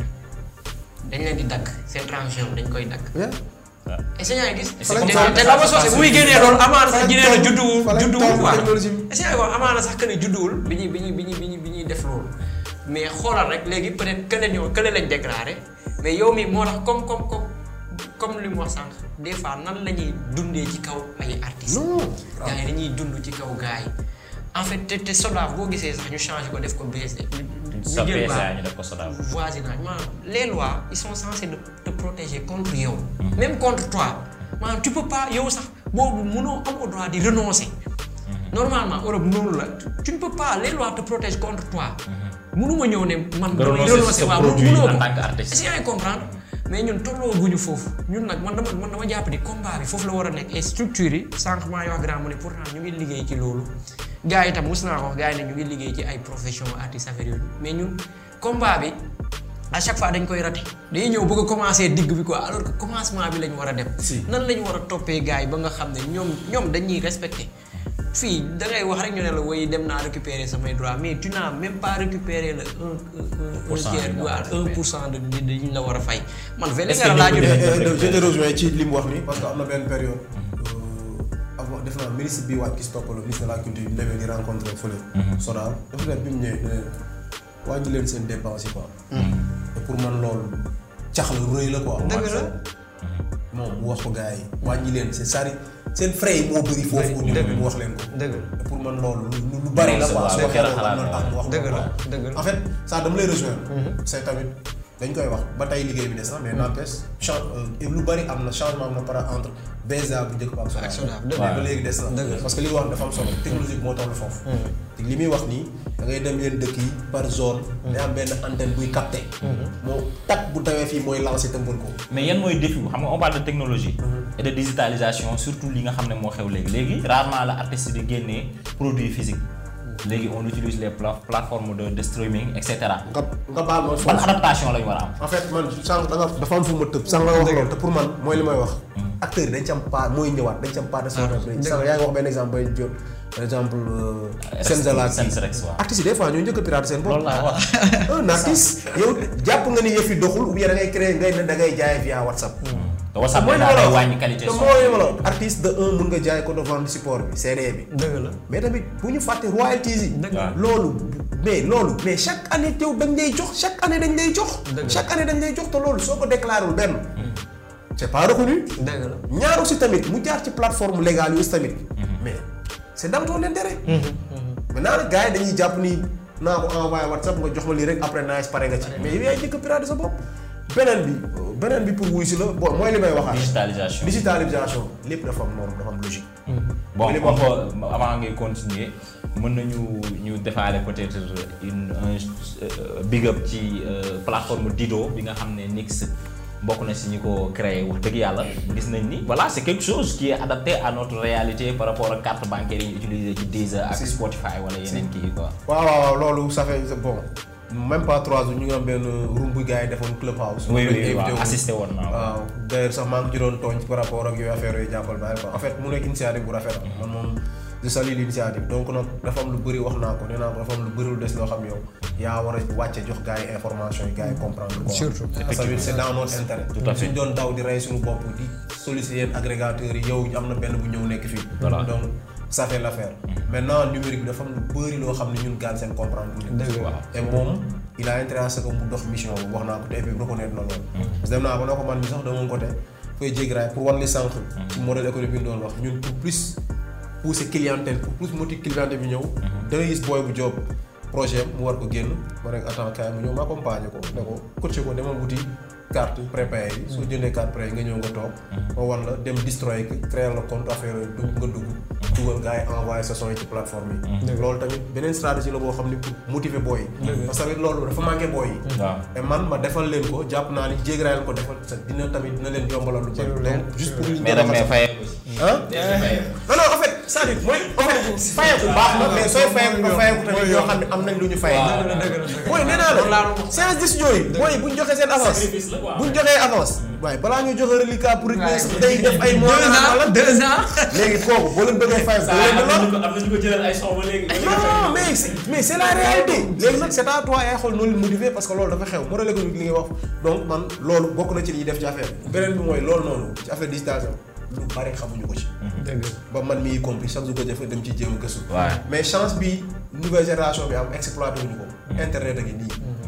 dañ leen di dakk seen transition dañ koy dakk waaw enseignant yi gis. te la ma soose bu muy génnee loolu amaana sax gineen a judduwul judduwul quoi amaana sax que judduwul bi ñuy bi ñuy bi ñuy bi ñuy def loolu mais xoolal rek léegi peut être kële ñoo kële lañ déclaré mais yow mi moo tax comme comme comme comme li mu wax des fois nan la ñuy dundee ci kaw ay artistes. gars yi ñuy dund ci kaw gars yi en fait te te soldat boo gisee sax ñu changé ko def ko BSD. ñu jël ba ñu def ko SODAV voisinage maanaam les lois ils sont censés de te protéger contre yow. Hmm. même contre toi maanaam tu peux yow sax boobu mënoo am au droit di renoncer. Hmm. normalement Europe noonu la tu ne peux pas les lois te protègent contre toi. Hmm. mënuma ñëw ne man. renoncer waaw mënoo ko est-ce que mais ñun tolloo foofu ñun nag man dama man dama jàpp ni combat foofu la war a nekk et structure yi sànq maa yoo xam ne pourtant ñu ngi liggéey ci loolu. gars yi tam mos naa ko wax yi ne ñu ngi liggéey ci ay profession artiste affaire yooyu mais ñun combat bi a chaque fois dañ koy raté dañuy ñëw bëgg a commencé digg bi ko alors que commencement bi lañ war a dem. nan lañ war a toppee yi ba nga xam ne ñoom ñoom dañuy respecté. fii da wax rek ñu ne la woy dem naa récupérer samay droit mais tu n'as même pas récupéré le un un un pour cent de dañ la war a fay. man fële nga la laajut. est ce ci li mu wax nii parce que am na benn période. dafa def naa ministre bi waaj gis toppaloo ministre de la culture bi mu mhm. bi mu ñëwee ne wàññi leen seen dépense yi quoi. Mhm. pour man loolu cax la rëy la quoi. dëgg la mu wax ko gars yi wàññi leen seen sari seen frais yi moo wax leen ko. pour man loolu lu bari la wax dëgg la dëgg la en fait ça dama lay rejoindre. Mhm. c'est tamit. dañ koy wax ba tey liggéey bi des na mais n'empêche change euh, lu bari am na changement am na par entre déjà bu njëkk ba am solo. actionnable dëgg ba léegi des na. parce que li mu wax dafa am hmm. muy wax nii da ngay dem yenn dëkk yi par zone. Hmm. day am benn antenne buy capté. Hmm. moo tag bu tawee fii mooy lancé tëmbal ko. mais yan mooy défi xam nga on parle de technologie. et de digitalisation surtout li nga xam ne moo xew léegi léegi rarement la artiste di génnee produit physique. léegi on utilise les plateformes de de streaming et cetera. nga nga baal ma ban adaptation lañ war am. en fait man sànq da dafa am fu ma tëb sànq nga wax loolu te pour man mooy li may wax. Mm. acteurs yi dañ ci am part mooy ñëwaat dañ ci am part de. Ah. sànq yaa ngi wax benn exemple bay jot par exemple. Senzala euh, ah, Senserex waaw. artistes yi des fois ñoo njëkk a pirater seen bopp. loolu laa wax un artiste yow jàpp nga ni yëf doxul ou bien créer ngay da ngay jaay via WhatsApp. Mm. te wasaab bi daa lay wàññi qualité son bi artiste de un mun nga jaay ko devant support bi CD bi. dëgg la mais tamit bu ñu fàtte royalties yi. loolu mais loolu mais chaque anne teew dañ lay jox chaque année dañ lay jox. chaque année dañ lay jox te loolu soo ko déclaré wul benn. Hmm. c'est pas reconnu. dëgg tamit mu jaar ci plateforme légale yu tamit. Hmm. mais c'est dans ton intérêt. Hmm. maintenant nag gars yi dañuy jàpp ni naa ko envoyé WhatsApp nga jox ma lii rek après naa pare nga ci. mais yow yaay njëkk a pirater sa bopp. beneen bi beneen bi pour wuy si la bon mooy li may waxaat. digitalisation digitalisation lépp dafa am norme dafa am logique. bon li ma ngay continuer mën na ñu ñu defaale peut-être une un euh, big up ci euh, plateforme Dido bi nga xam ne Nix bokk na si ñu ko créé wax dëgg yàlla gis nañ ni voilà c' que quelque chose qui est adapté à réalité par rapport ak carte bancaire yi ñu ci Deezer ak Spotify wala yeneen kii quoi. waaw waaw loolu ça fait même pas trois jours ñu ngi am benn room bu yi defoon club house. oui oui waaw assisté woon naa waaw d' ailleurs sax maa ngi ci par rapport ak yooyu affaire yooyu jàppal bàyyi quoi en mu nekk initiative bu rafet mm-hmm. am lu bëri wax naa ko nee naa des loo xam yow jox gars information yi gars yi comprendre ko. surtout effectivement c' est dans notre intérêt. tout à fait am na benn bu ñëw nekk fii. donc. sa fait l'affaire maintenant numérique bi dafa am bëri loo xam ne ñun gaan seen comprendre moom il a intérêt à ce que mu dox mission bu wax naa ko te et puis reconnaître na loolu mm. parce que dem naa ko man mi sax de mon côté fooy pour wan li ci modèle économique bi ñu doon wax ñun pour plus pousser clientèle pour plus motiver clientèle bi ñëw mm-hmm. da gis booy bu job projet mu war ko génn ma rek attends kaay mu ñëw ma accompagner ko ne ko demal wuti carte prépayé yi soo jëndee carte prépayé nga ñëw nga toog ma mm-hmm. war la dem destroy ki créer la compte affaire yooyu dugg nga dugg mm-hmm. dugal gars yi envoyé sa son yi ci plateforme yi mm-hmm. loolu tamit beneen stratégie la boo xam ne pour booy yi parce que loolu dafa manqué booy yi et man ma defal leen ko jàpp naa ni jéeg ko defal dina tamit dina leen yombalal lu bëri donc pour mais fay ah non sa à dire mooy. fayeeku baax na mais sooy fayeeku nga xam ne am nañ lu ñu fayee. waaw mooy nee bu ñu joxee seen avance. bu ñu joxee avance. waaye balaa ñuy joxe reliquat pour day def ay mois wala deux ans léegi kooku boo leen bëggee fay. nag c'est à toi xool noo leen motiver parce que loolu dafa xew moral économique li ngay wax donc man loolu bokk na ci li ñuy def ci affaire beneen bi mooy loolu noonu ci affaire digitation lu bari xamuñu ko ci. ba man mi compris chaque jour ko jafe dem ci jéem gëstu. mais chance bi nouvelle génération bi am exploité wuñu ko. Mm-hmm. internet a ngi nii. Mm-hmm.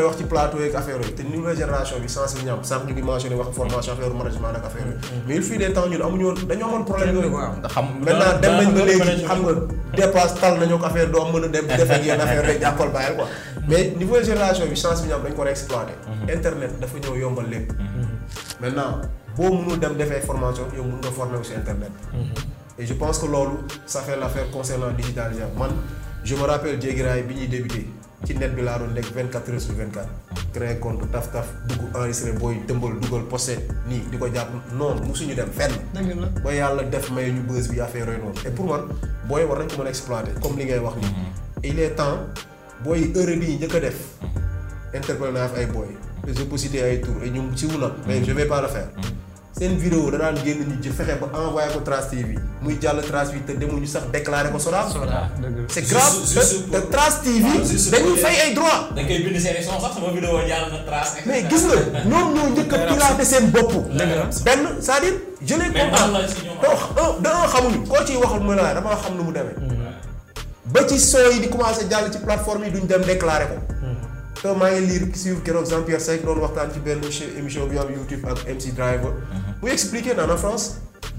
koy wax ci plateau yeeg affaire yooyu te nouvelle génération bi sensible ñam sànq ñu ngi mentionné wax formation affaire management ak affaire yooyu mais il fut temps tal nañoo ko affaire doo mën a dem def ak yenn affaire rek jàppal bàyyil quoi mais nouvelle génération bi sensible ñam dañ ko exploité mhm. internet dafa ñëw yombal lépp mhm. maintenant boo mënul dem defee formation yow mën nga former aussi internet mhm. je pense que loolu ça fait l'affaire concernant digitalisation man je me rappelle bi ñuy ci net bi laa doon nekk 24 heures sur 24. créé compte taf taf dugg enregistré booy dëmbal dugal posé nii di ko jàpp noonu suñu dem fenn. ba yàlla def may ñu bës bi affaire noonu. et pour man booy war nañ ko mën a exploiter comme li ngay wax nii. Mm-hmm. il est temps booy heure bii njëkk a def. Mm-hmm. interpellé naa ay booy. je peux ay tour et ñoom siwu na mais je vais pas le faire. Mm-hmm. seen vidéo da daan génn ñu ji fexe ba envoyé ko Trace TV muy jàll Trace TV te demuñu sax déclaré ko Soda. Soda c'est grave te Trace TV. dañuy fay ay droits. da ngay bind seen émission sax na Trace. mais gis nga ñoom ñoo njëkk a piraté seen bopp. benn c'est-à-dire je les comprends. mais da xamuñu koo ciy waxul ma la dama xam nu mu demee. ba ci soo yi di commencé jàll ci plateforme yi duñ dem déclaré ko. so maa ngi lire suivre keroog Jean Pierre Seck doon waxtaan ci benn émission bi ñu am YouTube ak MC Driver. muy mhm. expliquer naan en France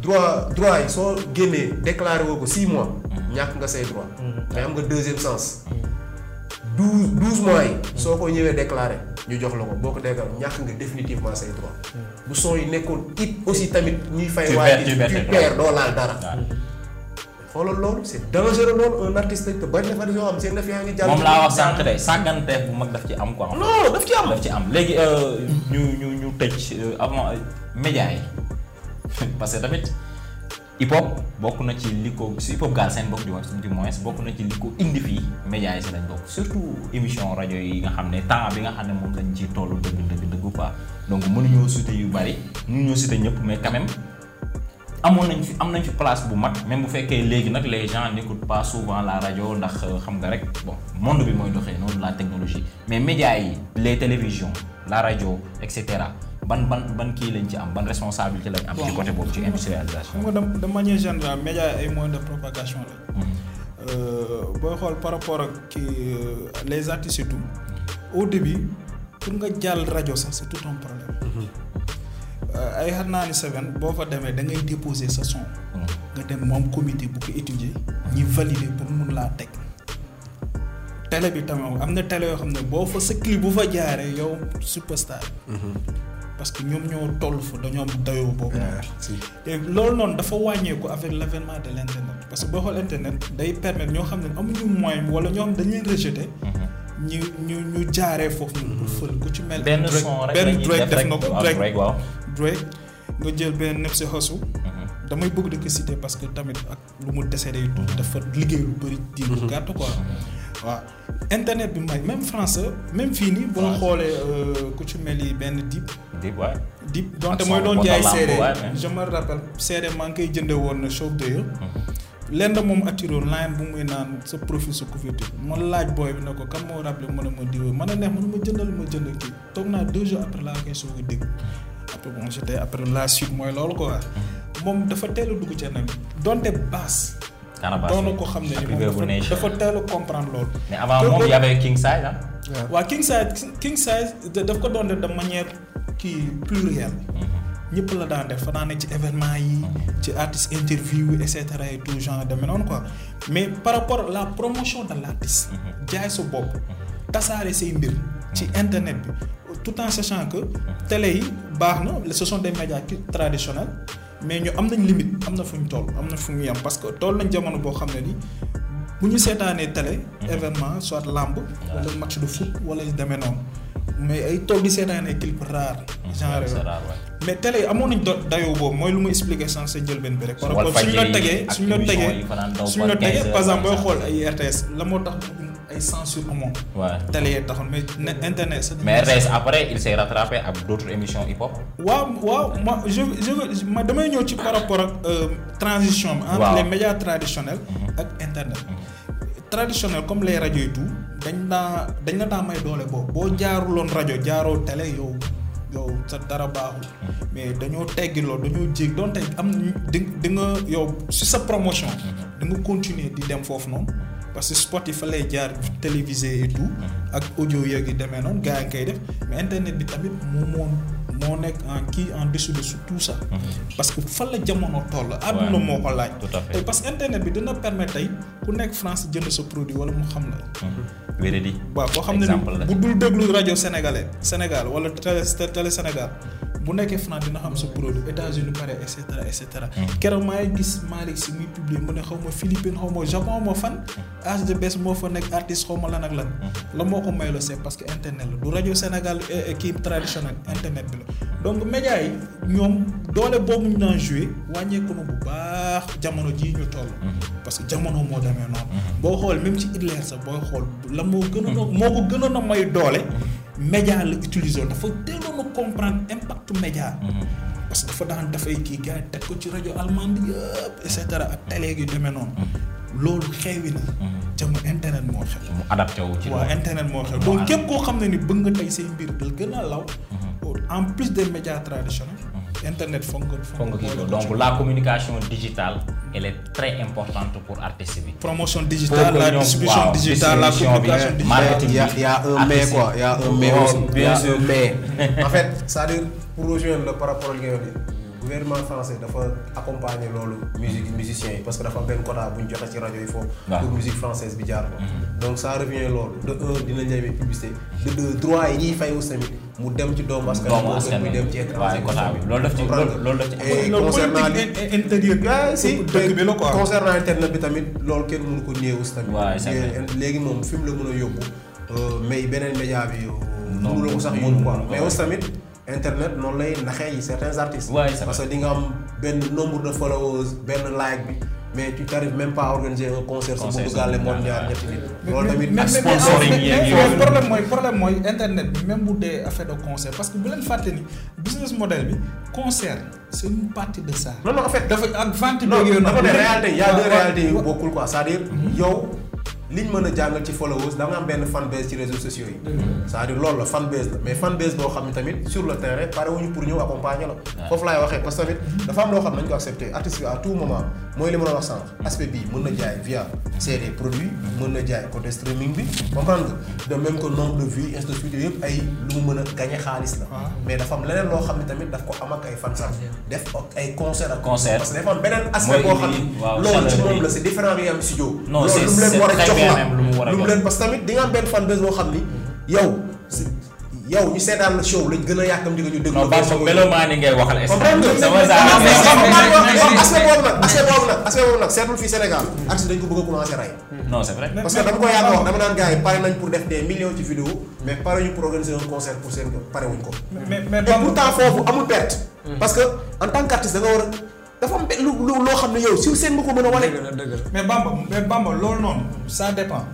droit droit yi soo génnee déclaré woo ko mois. Mhm. ñàkk nga say droit. Mhm. mais am nga deuxième sens. 12 12 mois yi. soo ko ñëwee déclaré ñu jox la ko boo ko déclaré ñàkk nga définitivement say droit. bu son yi nekkoon it aussi tamit ñuy fay. waaye tu perds doo laal dara. xoolal loolu c' est dangereux loolu un artiste te bari na fa yoo xam seen daf yaa ngi jàll. moom laa wax sànq de sàgganteef bu mag daf ci am ko non daf ci daf ci am léegi euh, ñu ñu ñu tëj euh, avant euh, média yi parce que tamit hip hop bokk na ci li ko su hip hop gaal seen bokk du moins bokk na ci li ko indi fii média si lañ bokk surtout émission rajo yi nga xam ne temps bi nga xam ne moom lañ ci toll dëgg dëgg dëgg quoi donc mënuñoo citer yu bari mënuñoo citer ñëpp mais amoon nañ fi am nañu fi place bu mag même bu fekkee léegi nag les gens n'écoutent pas souvent la rajo ndax euh, xam nga rek bon monde bi mooy doxee noonu la technologie mais média yi les télévisions la rajo et cetera ban ban ban kii lañ ci am ban responsabilité lañ am. ci côté boobu ci industrialisation. xam nga de manière générale médias yi ay moyens de propagation la. Hmm. Euh, booy xool par rapport ak ki euh, les artistes surtout au début pour nga jàll rajo sax c'est tout un problème. Hmm. ay xar xarnaani seven boo fa demee da ngay déposer sa son. Hmm. nga dem moom comité bu ko étudier. ñi valider pour mun laa teg. télé bi tamit am na télé yoo xam ne boo fa sa bu fa jaaree yow superstar. Hmm. parce que ñoom ñoo toll fa dañoo dayoo boobu. Ah, te loolu noonu dafa wàññeeku avec l' avènement de l' parce que boo xool internet day permettre ñoo xam ne amuñu moyen wala ñoo xam dañ leen ñu ñu ñu jaaree foofu. pour hmm. fël ku ci mel. benn son rek benn break def na Drake nga jël benn Nipsey Hussle mhm. damay bëgg di ko parce que tamit ak lu mu décédé yi dafa liggéey lu bëri diir bu mhm. gàtt quoi mhm. waaw internet bi may même français même fii nii boo xoolee euh, ku ci mel yi benn dib dib waay dib donte mooy doon jaay seede je me rappelle seede maa ngi koy jënde woon shop de lenn moom attiré line bu muy naan sa profil sa couverture ma laaj booy bi ne ko kan moo rappelé mën a ma diwoo mën a neex mënu ma jëndal ma jënd kii toog naa deux jours a dégg après bon j'étais après la suite mooy loolu quoi. moom dafa teel a dugg ca nag donte baas. daanaka doon na ko xam ne moom dafa teel a comprendre loolu. mais avant moom y avait king size ah. waaw king size king size ko doon def de manière kii plurielle. Mm-hmm. ñëpp la daan def fanaa ne ci événement yi. Mm-hmm. ci artiste interview et cetera et tout genre demee noonu quoi mais par rapport la promotion de l' artiste. Mm-hmm. jaay su bopp tasaare say mbir. ci internet bi. tout en sachant que télé yi baax na ce sont des médias traditionnels mais ñu am nañ limite am na fu ñu tool am na fu ñu yem parce que tool nañ jamono boo xam ne ni bu ñu seetaanee télé mm-hmm. événement soit lamb wala match de foot wala demee noonu mais ay toog di seetaan ay clip mm-hmm. rare. genre mais télé yi amoon nañ dayo boobu mooy lu mu expliqué sans sa jëlbeen bi rek. par rapport suñu la tegee suñu la tegee suñu la tegee par exemple booy xool ay RTS la moo tax ay censure amoon. waaw télé yee taxoon mais internet. sa mais RTS après il s'est rattrapé ak d'autres émissions hip hop. waaw waaw ma je je damay ñëw ci par rapport ak euh, transition bi. entre les médias traditionnel mm-hmm. ak internet. Mm-hmm. traditionnel comme les rajo yi tout dañ daa dañ la daa may doole boobu boo jaaruloon rajo jaaroo télé yow yow sa dara baaxul mais dañoo teggi loolu dañoo jéeg doon tey am di di nga yow si sa promotion di nga continuer di dem foofu noonu parce que spot yi fa lay jaar télévisé et tout ak audio yëg yi demee noonu gars ngi koy def mais internet bi tamit moo moom moo nekk en kii en dessous de tout ça. Mhm. parce que fan la jamono toll. waaw àdduna moo ko laaj. tey parce que internet bi dina permettre tey ku nekk France jënd sa produit wala mu xam la. Mhm. wéradi. waaw koo xam ne bu dul déglu rajo sénégalais Sénégal wala télé télé Sénégal. bu nekkee France dina xam sa produit États-Unis pare et cetera et cetera. Mm. keroog maa ngi gis Malick si muy publier mu ne xaw ma Philippines xaw ma Japon moo fan. âge mm. de baisse moo fa nekk artiste xaw ma lan ak lan. Mm. la moo ko mayloo c'est parce que internet la du rajo Sénégal eh, eh, kii traditionnel internet bi la. donc média yi ñoom doole boobu ñu naan joué wàññeeku na bu baax jamono jii ñu toll. Mm-hmm. parce que jamono moo demee noonu. Mm-hmm. boo xool même ci Hitler sax booy xool la moo gën a mm-hmm. moo ko gënoon a may doole. média la utilisé woon dafa teeloon a comprendre impact média. Mm-hmm. parce que dafa daan dafay kii gars teg ko ci rajo allemande yëpp et cetera ak télé yu demee noonu. Mm-hmm. loolu xewi na. jëm mm-hmm. internet moo xew. mu adapté wu ci waaw internet moo xew. donc képp koo xam ne ni bëgg nga tey say mbir dal gën a law. en plus des médias traditionnels. internet foog nga foog nga gis ko donc la communication digitale elle est très importante pour artiste bi. promotion digitale la distribution digitale la communication digitale marketing bi y' a un mais quoi y' a un mais. Oh, bien sûr mais en fait c'est-à-dire pour rejoindre le par rapport ak li nga wax gouvernement français dafa accompagner loolu musique musiciens yi parce que dafa am benn quota bu joxe ci rajo yi foofu pour musique française bi jaar ko mhm. donc ça revient loolu de un dinañ leen publicité de deux droit yi ñuy fay aussi mu dem ci doom askan wi askan wi dem ci loolu daf loolu daf ci concernant intérieur bi si internet bi tamit loolu kenn mënu ko néew aussi léegi moom fi mu la mën a yóbbu euh, mais beneen média bi euh, mënu la ko sax yóbbu quoi mais aussi tamit internet noonu lay naxee yi certains artistes. parce que di nga am benn nombre de followers benn like bi. mais tu t'arrives même pas organiser un concert su bëgg gaale moom ñaar ñetti nit. loolu tamit ak sponsoring yeeg problème mooy problème mooy internet bi même bu dee affaire de concert parce que bu leen fàtte ni business model bi concert c'est une partie de ça. non non dafa ak vente. non ne réalité y a bokkul quoi c'est-à-dire mhm. yow. liñ mën a jàngal ci followers da am benn fan base ci réseaux sociaux yi. Mm-hmm. c'est-à-dire la fan base la mais fan base boo xam ne tamit sur le terrain pare wuñu pour ñëw accompagner la. foofu laay waxee parce tamit mm-hmm. dafa am loo xam ne ko accepté artiste bi à tout moment mooy li ma la wax sànq aspect bii mën na jaay via CD produit mën na jaay côté streaming bi comprendre nga de même que nombre de vues ainsi yëpp ay lu mu mën a gagné xaalis la. mais dafa xam ne tamit daf ko am ak CNM lu mu war a lu mu leen parce que tamit di nga am benn fan bés boo xam ni yow yow ñu seetaan la show lañ gën a yàkkam di nga ñu déglu. non a commencé rey. amul perte. Hmm. parce que en tant qu'artiste da war a dafa am lu loo xam ne yow si seen nga ko mën a wane. mais Bamba mais Bamba loolu noonu ça dépend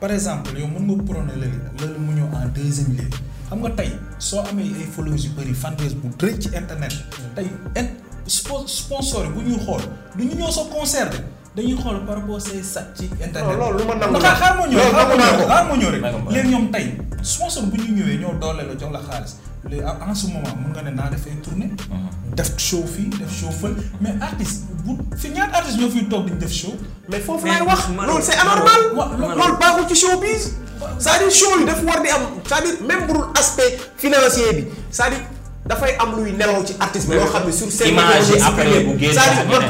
par exemple yow mën nga prôné léegi loolu mu ñëw en deuxième lieu xam nga tey soo amee ay followers yu bëri fanbase bu rëy ci internet tey in sponsor bu ñuy xool du ñu ñëw sa concert dañuy xool par rapport say sat ci internet. loolu lu ma nangu xaar ma ñëw xaar ma ñëw rek léegi ñoom tey sponsor bu ñu ñëwee ñoo doole la jox la xaalis. les en ce moment mun nga ne naa def ay uh-huh. def show fii def show fël mais artiste bu fi ñaata artiste ñoo fiy toog di def show. mais foofu laay wax loolu c'est anormal. loolu baaxul ci showbiz. c'est-à-dire show yi daf war di am c'est-à-dire même pour aspect bi cest à dafay am luy nelaw ci artiste bi loo xam ne sur scène image yi après bu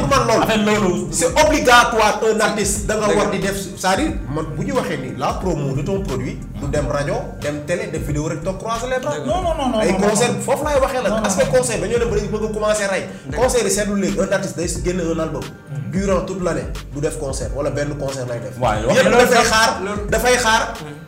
man pour man loolu c'est obligatoire un artiste da war di def cest à man bu ñu waxee ni la promo de ton produit du dem rajo dem télé def vidéo rek toog croiser les ay concert foofu laay waxee la parce que concert dañoo dem ba léegi bëgg a commencer rey concert yi seetlu léegi un artiste day génn un album durant toute l'année du def concert wala benn concert lay def yëpp dafay xaar dafay mm.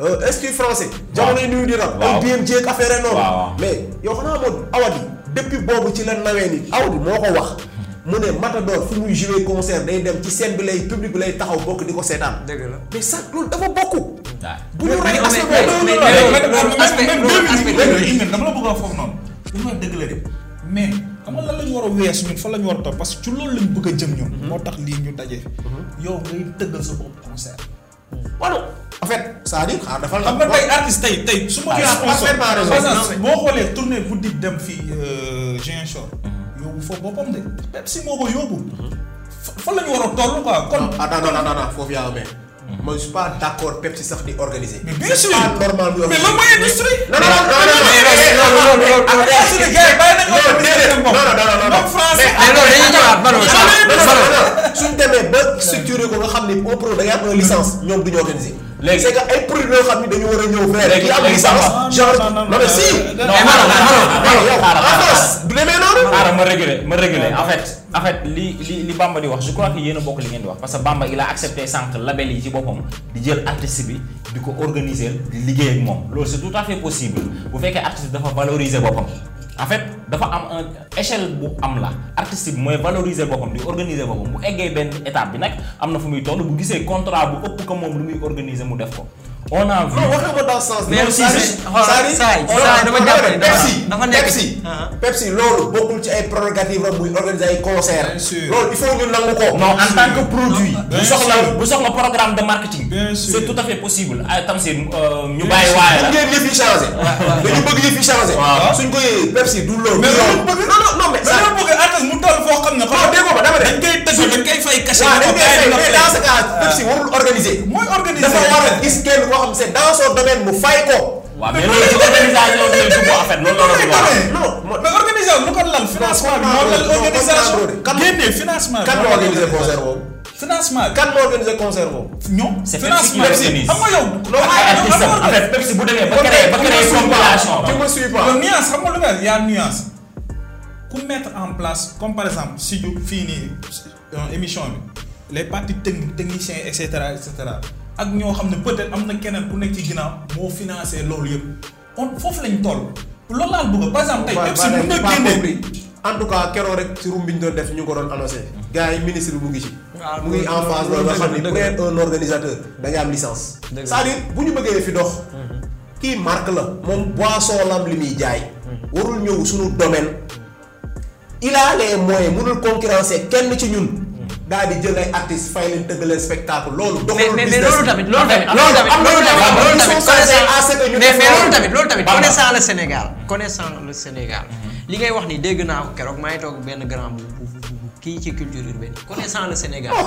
Euh, esprit français. jamono yi nuyu di rab. waaw ay BMJ ak affaire noonu. mais yow xanaa moom awadi boobu ci la nawee ni awadi moo ko wax. mu ne Matador fi muy jouer concert day dem ci scène bi lay public bi lay taxaw bokk di ko seetaan. dëgg la mais sax loolu dafa bokk. bu ñu rey aspect boobu loolu a foofu noonu. li dëgg la de mais xam la ñu war a wees ñun fa la ñu war a topp parce que ci loolu lañ bëgg a jëm ñun. Mhm. moo tax lii ñu daje. Mhm. yow ngay tëggal sa bopp concert. walu en fait c'est-à-dire xaar ah, dafa xam nga tey artiste tey tey su ma. Ah, boo xoolee tournée boutique dem fii euh, Ziguinchor. yóbbu foofu boppam de Pepsi moo ko yóbbu. Mhm. fa la ñu war a toll quoi kon. ah non non non foofu yaa amee. moi je suis pas d'accord Pepsi sax di organiser. mais bien sûr c'est pas normal mais loolu mooy industrie. non non non non non non non non non non non non non non non non non léegi c'est que ay produits yoo xam ne dañu war a ñëw fee rek. am licence genre non mais si. non non du ma réguler ma réguler en li li li Bamba di wax je crois que yéen a bokk li ngeen di wax parce que Bamba il a accepté sànq label yi ci boppam di jël artiste bi di ko organiser di liggéey moom loolu c'est tout à fait possible bu fekkee artiste dafa valoriser boppam. en fait dafa am un échelle bu am la artistique mooy valoriser boppam di organiser boppam bu eggee benn état bi nag am na fu muy toll bu gisee contrat bu ëpp ko moom lu muy organiser mu def ko on a vu non wax nga ko dans ce sens. mais aussi dafa nekk Pepsi uh-huh. Pepsi loolu bokkul ci ay prérogatives la muy organiser ay concert loolu il faut nangu ko. non en tant que produit. bu soxla bu soxla programme de marketing. c'est tout à fait possible ay ah, Tamsir euh, ñu bàyyi waaye la. bëgg yëf yi changé. Pepsi du loolu. mais non non mais. mu toll foo xam ne dañ koy tëgg dañ koy fay cachet. waaw dañ koy fay mais dans ce cas ah. Pepsi warul organiser. mooy organiser dafa war a gis kenn koo xam c'est dans son domaine mu fay ko. waaw mais loolu ci organisation bi lay dugg en fait loolu la ñu wax. non mais organisation lu ko lal financement bi moo lal organisation génne financement kan moo organisé concert boobu. financement kan moo organisé concert boobu. ñoom c'est Pepsi xam nga yow. loolu ay artistes en fait Pepsi bu demee ba créé ba créé compilation. tu me suis pas nuance xam nga lu mel y a nuance. ku mettre en place comme par exemple si ju fii nii euh, émission bi les parties techniques techniciens et cetera et ak ñoo xam ne peut-être am na keneen ku nekk ci ginnaaw moo financé loolu yëpp on foofu lañ toll loolu laal bëgg par exemple tey en tout cas keroog rek ci room bi ñu doon def ñu ko doon annoncé yi ministre bi mu ngi ci ah, mu ngi en phase loolu nga xam ni pour être organisateur da am licence cest à bu ñu bëggee fi dox mhm. kii marque la moom boisson lam li muy jaay mhm. warul ñëw suñu domaine il a les moyens mënul concurrencer kenn ci ñun. daal di jël ay artistes fay leen tëgg leen spectacle loolu. doxul business mais mais loolu tamit loolu tamit. loolu tamit mais mais loolu tamit loolu tamit connaissant le Sénégal. connaissant le Sénégal. li ngay wax ni dégg naa ko keroog maa ngi toog benn grand bu kii ci culture urbaine connaissant le Sénégal oh.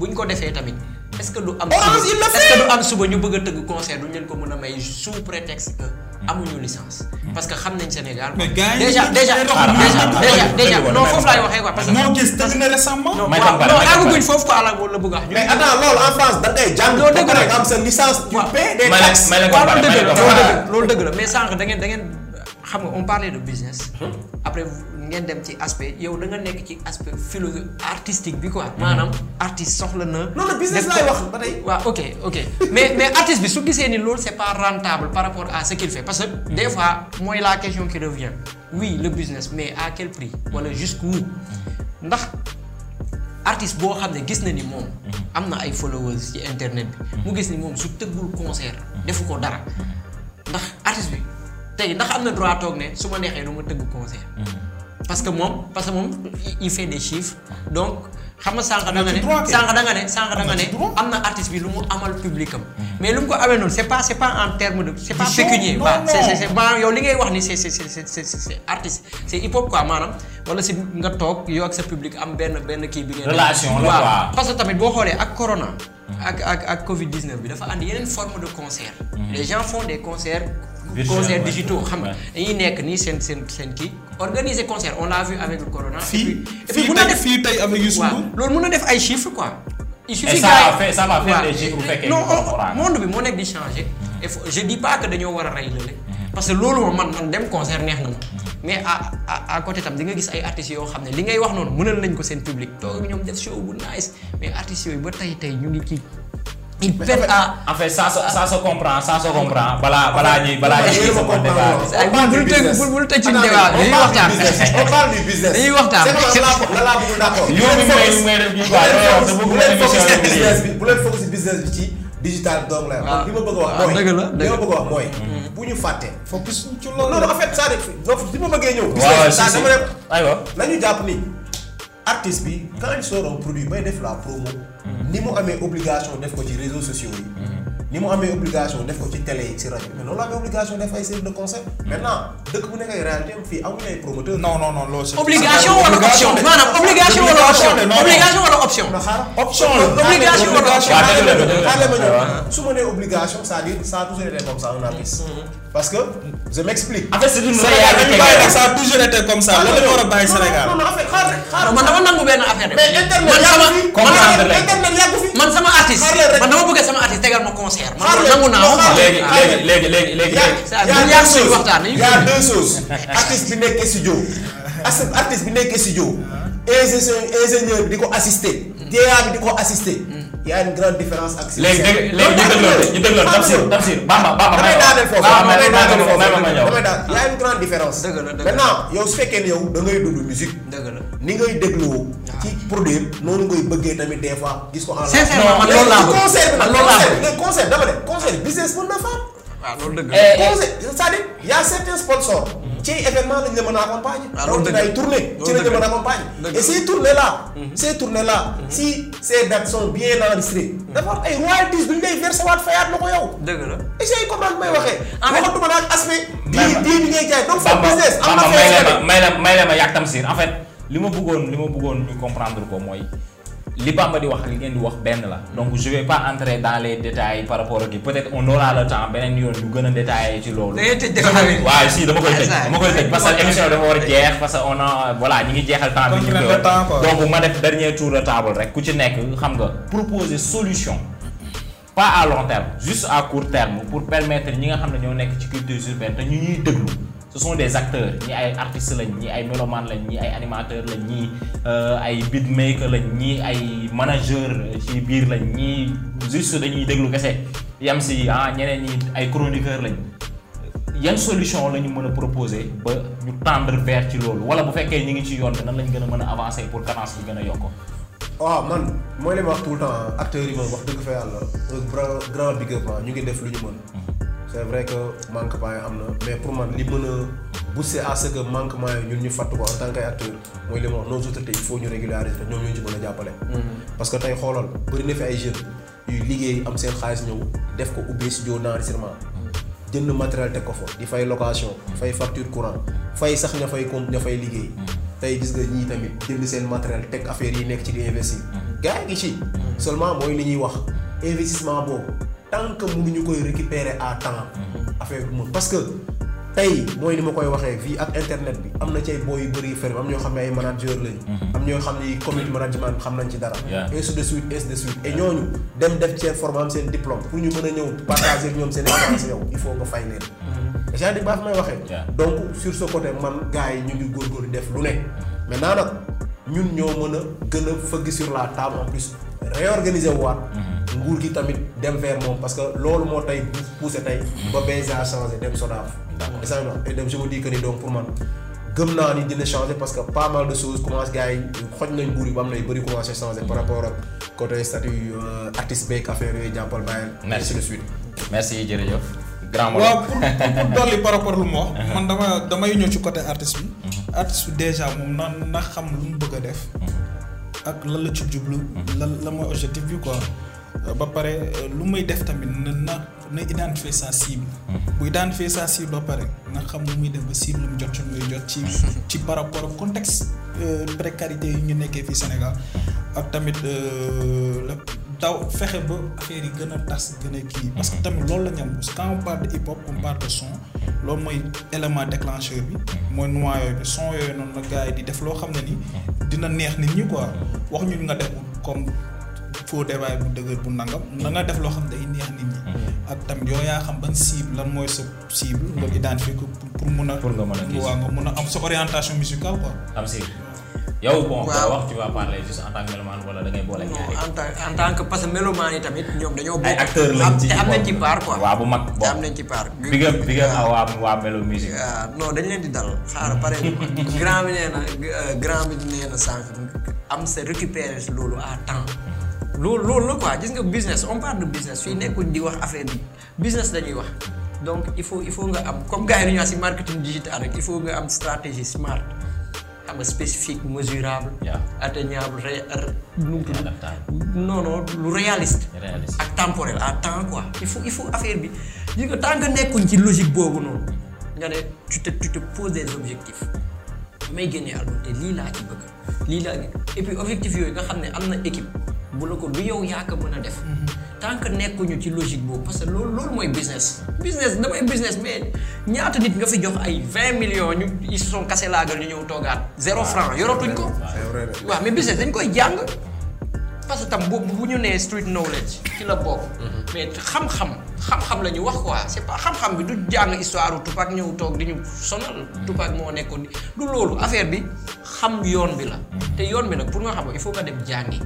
buñ ko defee tamit. est que du am. est suba ñu bëgg a tëgg concert duñ leen ko mën a may sous prétexte que. amuñu licence. Hmm. parce que xam nañ Sénégal. mais gars yi déjà déjà déjà foofu laay waxee quoi. parce que moo gis terminé récemment. non non foofu quoi la la bëgg a wax. mais attends loolu en France da ngay jàng. loolu dëgg la am sa licence. tu paies des taxes loolu dëgg la mais sànq da ngeen da ngeen xam nga on parlait de business. Hmm. après ngeen dem ci aspect yow da nga nekk ci aspect philo artistique bi quoi. Mhm. maanaam artiste soxla na. non non business laay wax ba tey. waaw ok ok mais mais artiste bi su gisee ni loolu c'est pas rentable par rapport à ce qu'il fait parce que mhm. des fois mooy la question qui revient oui le business mais à quel prix wala jusqu'où ndax artiste boo xam ne gis na ni moom. Mhm. am na ay followers ci internet bi. mu gis ni moom su tëggul concert. defu ko dara ndax artiste bi tey ndax am na droit toog ne neexee du ma tëgg concert. parce que moom parce que moom il fait des chiffres donc xam nga sànq ne sànq da ah, ne am na artiste bi lu mu amal public am mm-hmm. mais lu mu ko amee noonu c'est pas c'est pas en terme de c'est pas pécunier waaw c'est maanaam yow li ngay wax ni c'est c'est c'est hip hop quoi maanaam wala si nga toog yow ak sa public am benn benn kii bi ngeen relation la waaw parce que tamit boo xoolee ak corona mm-hmm. ak ak ak covid bi dafa ànd yeneen forme de concert mm-hmm. les gens font des concerts concerts digitaux xam nga dañuy nekk nii seen seen seen kii organiser concert on l'a vu avec le corona. fii fii tey avec Youssou Ndour loolu mën na def ay chiffres quoi. il suffit que ça va faire des monde bi moo nekk di changer. et je dis pas que dañoo war a rey lële. parce que loolu moom man man dem concert neex na ma. mais à à côté tam di nga gis ay artistes yoo xam ne li ngay wax noonu mënal nañ ko seen public. toog ñoom def show bu nice mais artistes yooyu ba tey tey ñu ngi kii. il perd à. en fait ça se ça se comprend ça se comprend balaa balaa ñuy balaa ñuy. bu bu tëj ci débat dañuy waxtaan. on parle du business dañuy waxtaan. c'est que bu leen focus business bi ci digital donc la. Ah. li ma bëgg a wax ah, mooy. dëgg la dëgg la li ma bëgg a wax mooy. Mm-hmm. bu ñu fàtte. focus ci loolu non non en fait ça def li ma bëggee ñëw. waaw si si aywa nañu jàpp ni artiste bi quand il sort un produit bay def la promo ni mu amee obligation def ko ci réseaux sociaux yi. Mm-hmm. ni mu amee obligation def ko ci télé yi ci rajo mais loolu amee obligation def ay série de concept. Mm-hmm. maintenant dëkk bu nekk ay réalité am fii amuñu ay promoteur non non non loolu obligation wala option maanaam obligation wala obligation wala option. option la obligation wala option. su ma nee obligation c'est-à-dire ça a toujours été comme ça un parce que je m'explique. en fait c'est une Sénégal ça a toujours été comme ça. loolu la war a man dama nangu benn affaire. mais internet yàggu man sama artiste. man dama bëgg sama artiste tegal ma concert. man nangu naa ko léegi léegi léegi léegi. y' a deux choses artiste bi nekk studio. artiste bi nekk studio. Ah. ingénieur ingénieur di ko assister. Mm. DA bi di ko assister. Mm. yaa a une différence ak. léegi léegi ñu déglu woon Tamsir Tamsir Bamba Bamba. damay daaneel damay daaneel foofu damay daaneel. y a une grande différence. dëgg la dëgg la maintenant yow su fekkee ne da ngay dund musique. dëgg la ni ngay dégloo. Ah. ci produire noonu ngay bëggee tamit des fois. gis ko en sincèrement man concert nag concert dama ne concert business mën na faam. waaw ah, loolu dëgg la eh, eh. concert c'est-à-dire y a ci événement lañ la mën a accompagner. Ah, loolu dëgg la donc tournée. ci lañ la mën a accompagner. et ces tournées là. Mhm. ces tournées là. Mhm. si ces dates sont bien enregistrées. Mhm. dafa am ay royalties bu ñu lay verser waat fayaat la ko yow. dëgg la et may waxee. ma bii bi ngay jaay am may la may la ma yàgg tam en fait li ma bëggoon li ma bëggoon ñu comprendre ko mooy. li Bamba di wax li ngeen di wax benn la donc je pas entrer dans les par rapport ak yi peut-être on aura le temps beneen yoon ñu gën a détaillé ci loolu. waaw si dama koy tëj dama koy tëj parce que émission ñi ngi jeexal temps bi ñu donc ma def dernier tour de table rek ku ci nekk xam nga proposer solution pas à long terme juste à court terme pour permettre ñi nga xam ne ñoo nekk ci culture urbaine te ñu ñuy déglu ce sont des acteurs ñi ay artistes lañ ñi ay mélomanes lañ ñi ay animateurs lañ ñi euh, ay beatmaker lañ ñi ay manager ci biir lañ ñi juste dañuy déglu kese yam si ah ñeneen ñi ay chroniqueur lañ yan solution la ñu mën a proposer ba ñu tendre vers ci loolu wala bu fekkee ñu ngi ci yoon bi nan lañ gën a mën a avancer pour cadence bi gën a yokk waaw ah, man mooy li ma wax tout temps acteurs yi moom wax dëgg fa yàlla grand grand big ah, ñu ngi def lu ñu mën mm-hmm. c'est vrai que manquement yi am na mais pour man li mën a booster à ce ñun ñu fàtt ko en tant que mooy li ma wax nos autorités il faut ñu régulariser ñoom ñoo ñu ci a jàppale. Mm-hmm. parce que tey xoolal bëri na fi ay jeunes yuy liggéey am seen xaalis ñëw def ko ubbee studio d'enregistrement jënd matériel teg ko fa di fay location fay facture courant fay sax ña fay compte ña fay liggéey mm-hmm. tey gis nga ñii tamit jënd seen matériel teg affaire yi nekk ci di investir. Mm-hmm. gars yi ngi li ñuy wax tant que ñu koy récupérer à temps. Mm-hmm. affaire bi moom parce que tey mooy ni ma koy waxee fii ak internet bi am na ci ay booy yu bëri yu am ñoo xam ne ay manager lañu. Mm-hmm. am ñoo xam ni community management xam nañ ci dara. ainsi de suite ainsi de suite et ñooñu dem def seen forme am seen diplôme pour ñu mën a ñëw partager ak ñoom seen expérience yow il faut nga fay leen. genre mm-hmm. di baax may waxee. donc sur ce côté man gars yi ñu ngi góorgóorlu def lu nekk. maintenant nag ñun ñoo mën a gën a sur la table en plus réorganiser waat. nguur gi tamit dem vers moom parce que loolu moo tey poussé tey ba BGA changé dem SODAV esa dem je me dis que ni pour man gëm naa ni dina changer parce que pas mal de choses commence gars yi xoj nañ nguur yi ba am na yu bëri commencé changer par rapport ak côté statut euh, artiste beeg affaire yooyu jàppal lu mu mhm. na na xam lu mu bëgg a def mhm. ak lan la ci jublu mhm. lan la mooy objectif bi quoi ba pare euh, lu may def tamit na na na identifier sa cible. Mhm. bu identifier sa cible ba pare na xam lu muy def ba cible mu jot ci muy jot ci. ci par rapport ak contexte euh, précarité yi ñu nekkee fii Sénégal ak tamit euh, la. taw fexe ba affaire yi gën a tas gën a kii parce que mhm. tamit loolu la ñu am quand on de hip hop on parle de son loolu mooy élément déclencheur bi mhm. mooy noyau bi son yooyu noonu la gars yi di def loo xam ne nii dina neex nit ñi quoi wax ñu nga def comme faux débat bu dëgër bu nangam na nga def loo xam day neex nit ñi. Mm-hmm. ak tam yow yaa xam ba cible la mooy sa cible. loolu mm-hmm. identifié ko pour mun pour nga mën a gis waaw am sa orientation musicale quoi. am si yow wala da ngay boole ak ñaari. en tant que parce que mélomane yi tamit ñoom dañoo. ay acteurs lañ ci am nañ waa waa melo leen di dal xaaral pare grand bi nee na grand bi nee na sànq am sa récupérer loolu à temps. Mm-hmm. loolu loolu la quoi gis nga business on parle de business fii nekkuñ di wax affaire bi business dañuy wax donc il faut nga am comme gars yi dañuy wax si marketing digital rek il faut nga am stratégie smart xam spécifique mesurable. atteignable ré nu non non lu réaliste. ak temporel à temps quoi. il faut affaire bi gis nga tant que nekkuñ ci logique boobu noonu nga ne tu te tu te poses des objectifs may génnee album te lii laa ci bëgg lii laa et puis objectif yooyu nga xam ne am na équipe. bu la ko du yow yaa ko mën a def. tant que nekkuñu ci logique boobu parce que loolu loolu mooy business. business damay business mais ñaata nit nga fi jox ay vingt millions ñu ils se sont laa laagal ñu ñëw toogaat. zéro franc yoratuñ ko. waaw mais business dañ koy jàng. parce que tam bu bu ñu nee street knowledge ci la bokk. Mhm. mais xam-xam xam-xam la ñu wax quoi c'est pas xam-xam bi du jàng histoire Tupac ñëw toog di ñu sonal. Mhm. Tupac moo nekkoon du loolu affaire bi xam yoon bi la. Mhm. te yoon bi nag pour nga xam ko il faut dem jàngi.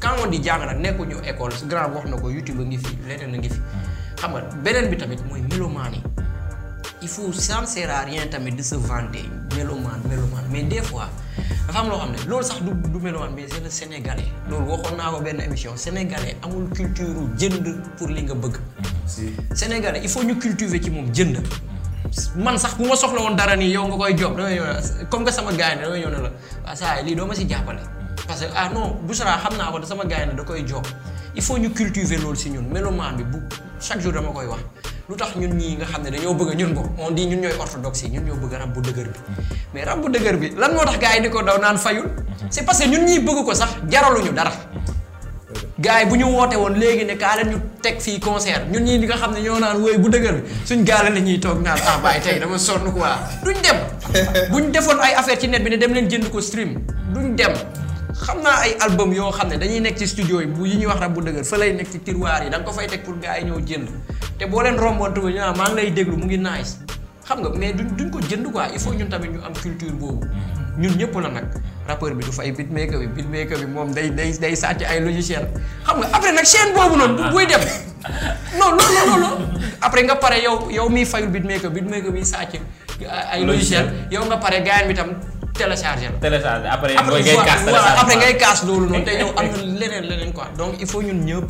quand di dit jàng nag nekkuñu école grand wax na ko YouTube a ngi fi leneen a ngi fi xam nga beneen bi tamit mooy mélomane yi il faut ça ne sert à rien tamit de se vanter mélomane mélomane mais des fois dafa am loo xam ne loolu sax du du mélomane mais c'est le loolu waxoon naa ko benn émission sénégalais amul culture jënd pour li nga bëgg. sénégalais il faut ñu cultiver ci moom jënd. man sax bu ma soxla woon dara nii yow nga koy job damay ñëw sama gars yi damay ne lii doo ma si jàppale. parce que ah non Bouchra xam naa ko da sama gars yi da koy jox il faut ñu cultiver loolu si ñun mélomane bi bu chaque jour dama koy wax lu tax ñun ñii nga xam ne dañoo bëgg ñun ko on dit ñun ñooy orthodoxe yi ñun ñoo bëgg rab bu dëgër bi mais rab bu dëgër bi lan moo tax gars yi di ko daw naan fayul c'est parce que ñun ñii bëgg ko sax jaraluñu dara gars yi bu ñu woote woon léegi ne kaa leen ñu teg fii concert ñun ñii di nga xam ne ñoo naan wooy bu dëgër bi suñ gaale la ñuy toog naan ah bàyyi tey dama sonn quoi duñ dem buñ defoon ay affaire ci net bi ne dem leen jënd ko stream duñ dem xam naa ay album yoo xam ne dañuy nekk ci studio yi bu yi ñuy wax rab bu dëgër fa lay nekk ci tiroir yi da nga ko fay teg pour gars yi ñëw jënd te boo leen rombantu ba ñu naan maa ngi mu ngi nice xam nga mais duñ duñ jënd quoi il faut ñun tamit ñu am culture boobu ñun ñëpp la nag rappeur bi du fay beatmaker bi beatmaker bi moom day day day sàcc ay logiciel xam nga après nag chaîne boobu noonu buy dem non loolu loolu après nga pare yow yow miy fayul beatmaker beatmaker bi sàcc ay logiciel yow nga pare gaayan bi tam téléchargé la. téléchargé après ngay casse téléchargé après ngay casse loolu noonu te yow am na leneen leneen quoi donc il faut ñun ñëpp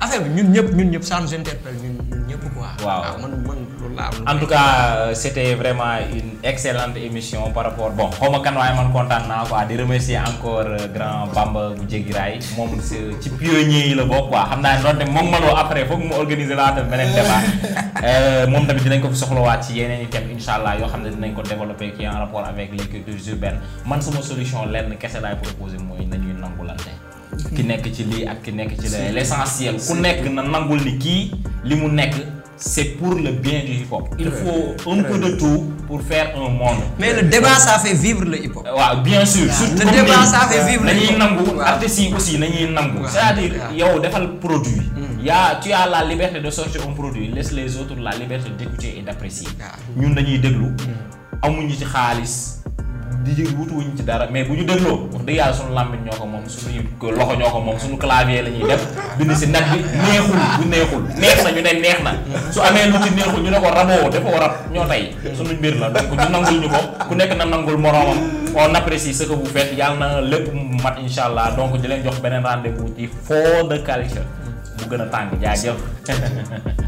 affaire bi ñun ñëpp ñun ñëpp ça nous interpelle ñun ñun ñëpp quoi. waaw ah, man man. la am. en tout cas euh, c' était vraiment une excellente émission par rapport bon xaw kan waaye man kontaan naa quoi di remercier encore euh, grand Bamba bu jéggi moom ci pionnier yi la bokk quoi xam naa ne doonte moom maloo après foog mu euh, tamit dinañ ko fi soxlawaat ci yeneen i thèmes incha yoo xam ne dinañ ko développer qui en rapport avec les cultures urbaines man sama solution lenn kese laay proposer mooy nañuy nangulante ki nekk ci lii ak ki nekk ci la l'essentiel ku nekk na nangul c'est pour le bien du hip-hop. il faut un peu de tout pour faire un monde. mais le débat ça fait vivre le hip-hop. waaw bien sûr. surtout le débat ça fait vivre le hip nangu artistes yi aussi nañuy nangu. c'est-à-dire yow defal produit. Mm. yaa tu as la liberté de sortir un produit laisse les autres la liberté d'écouter et d'apprécier. ñun dañuy déglu. Mm. amuñu ci xaalis. di wutuwuñ ci dara mais bu ñu dégloo wax dëgg yàlla suñu làmmiñ ñoo ko moom suñu loxo ñoo ko moom suñu clavier la ñuy def bind si nag bi neexul bu neexul neex na ñu ne neex na su amee lu ci neexul ñu ne ko raboo dafa war a ñoo tey suñu mbir la donc ñu nangul ñu ko ku nekk na nangul moroomam on apprécie ce que vous faites yàlla na lépp mat incha allah donc di leen jox beneen rendez-vous ci For The Culture bu gën a tànk tàng jaajëf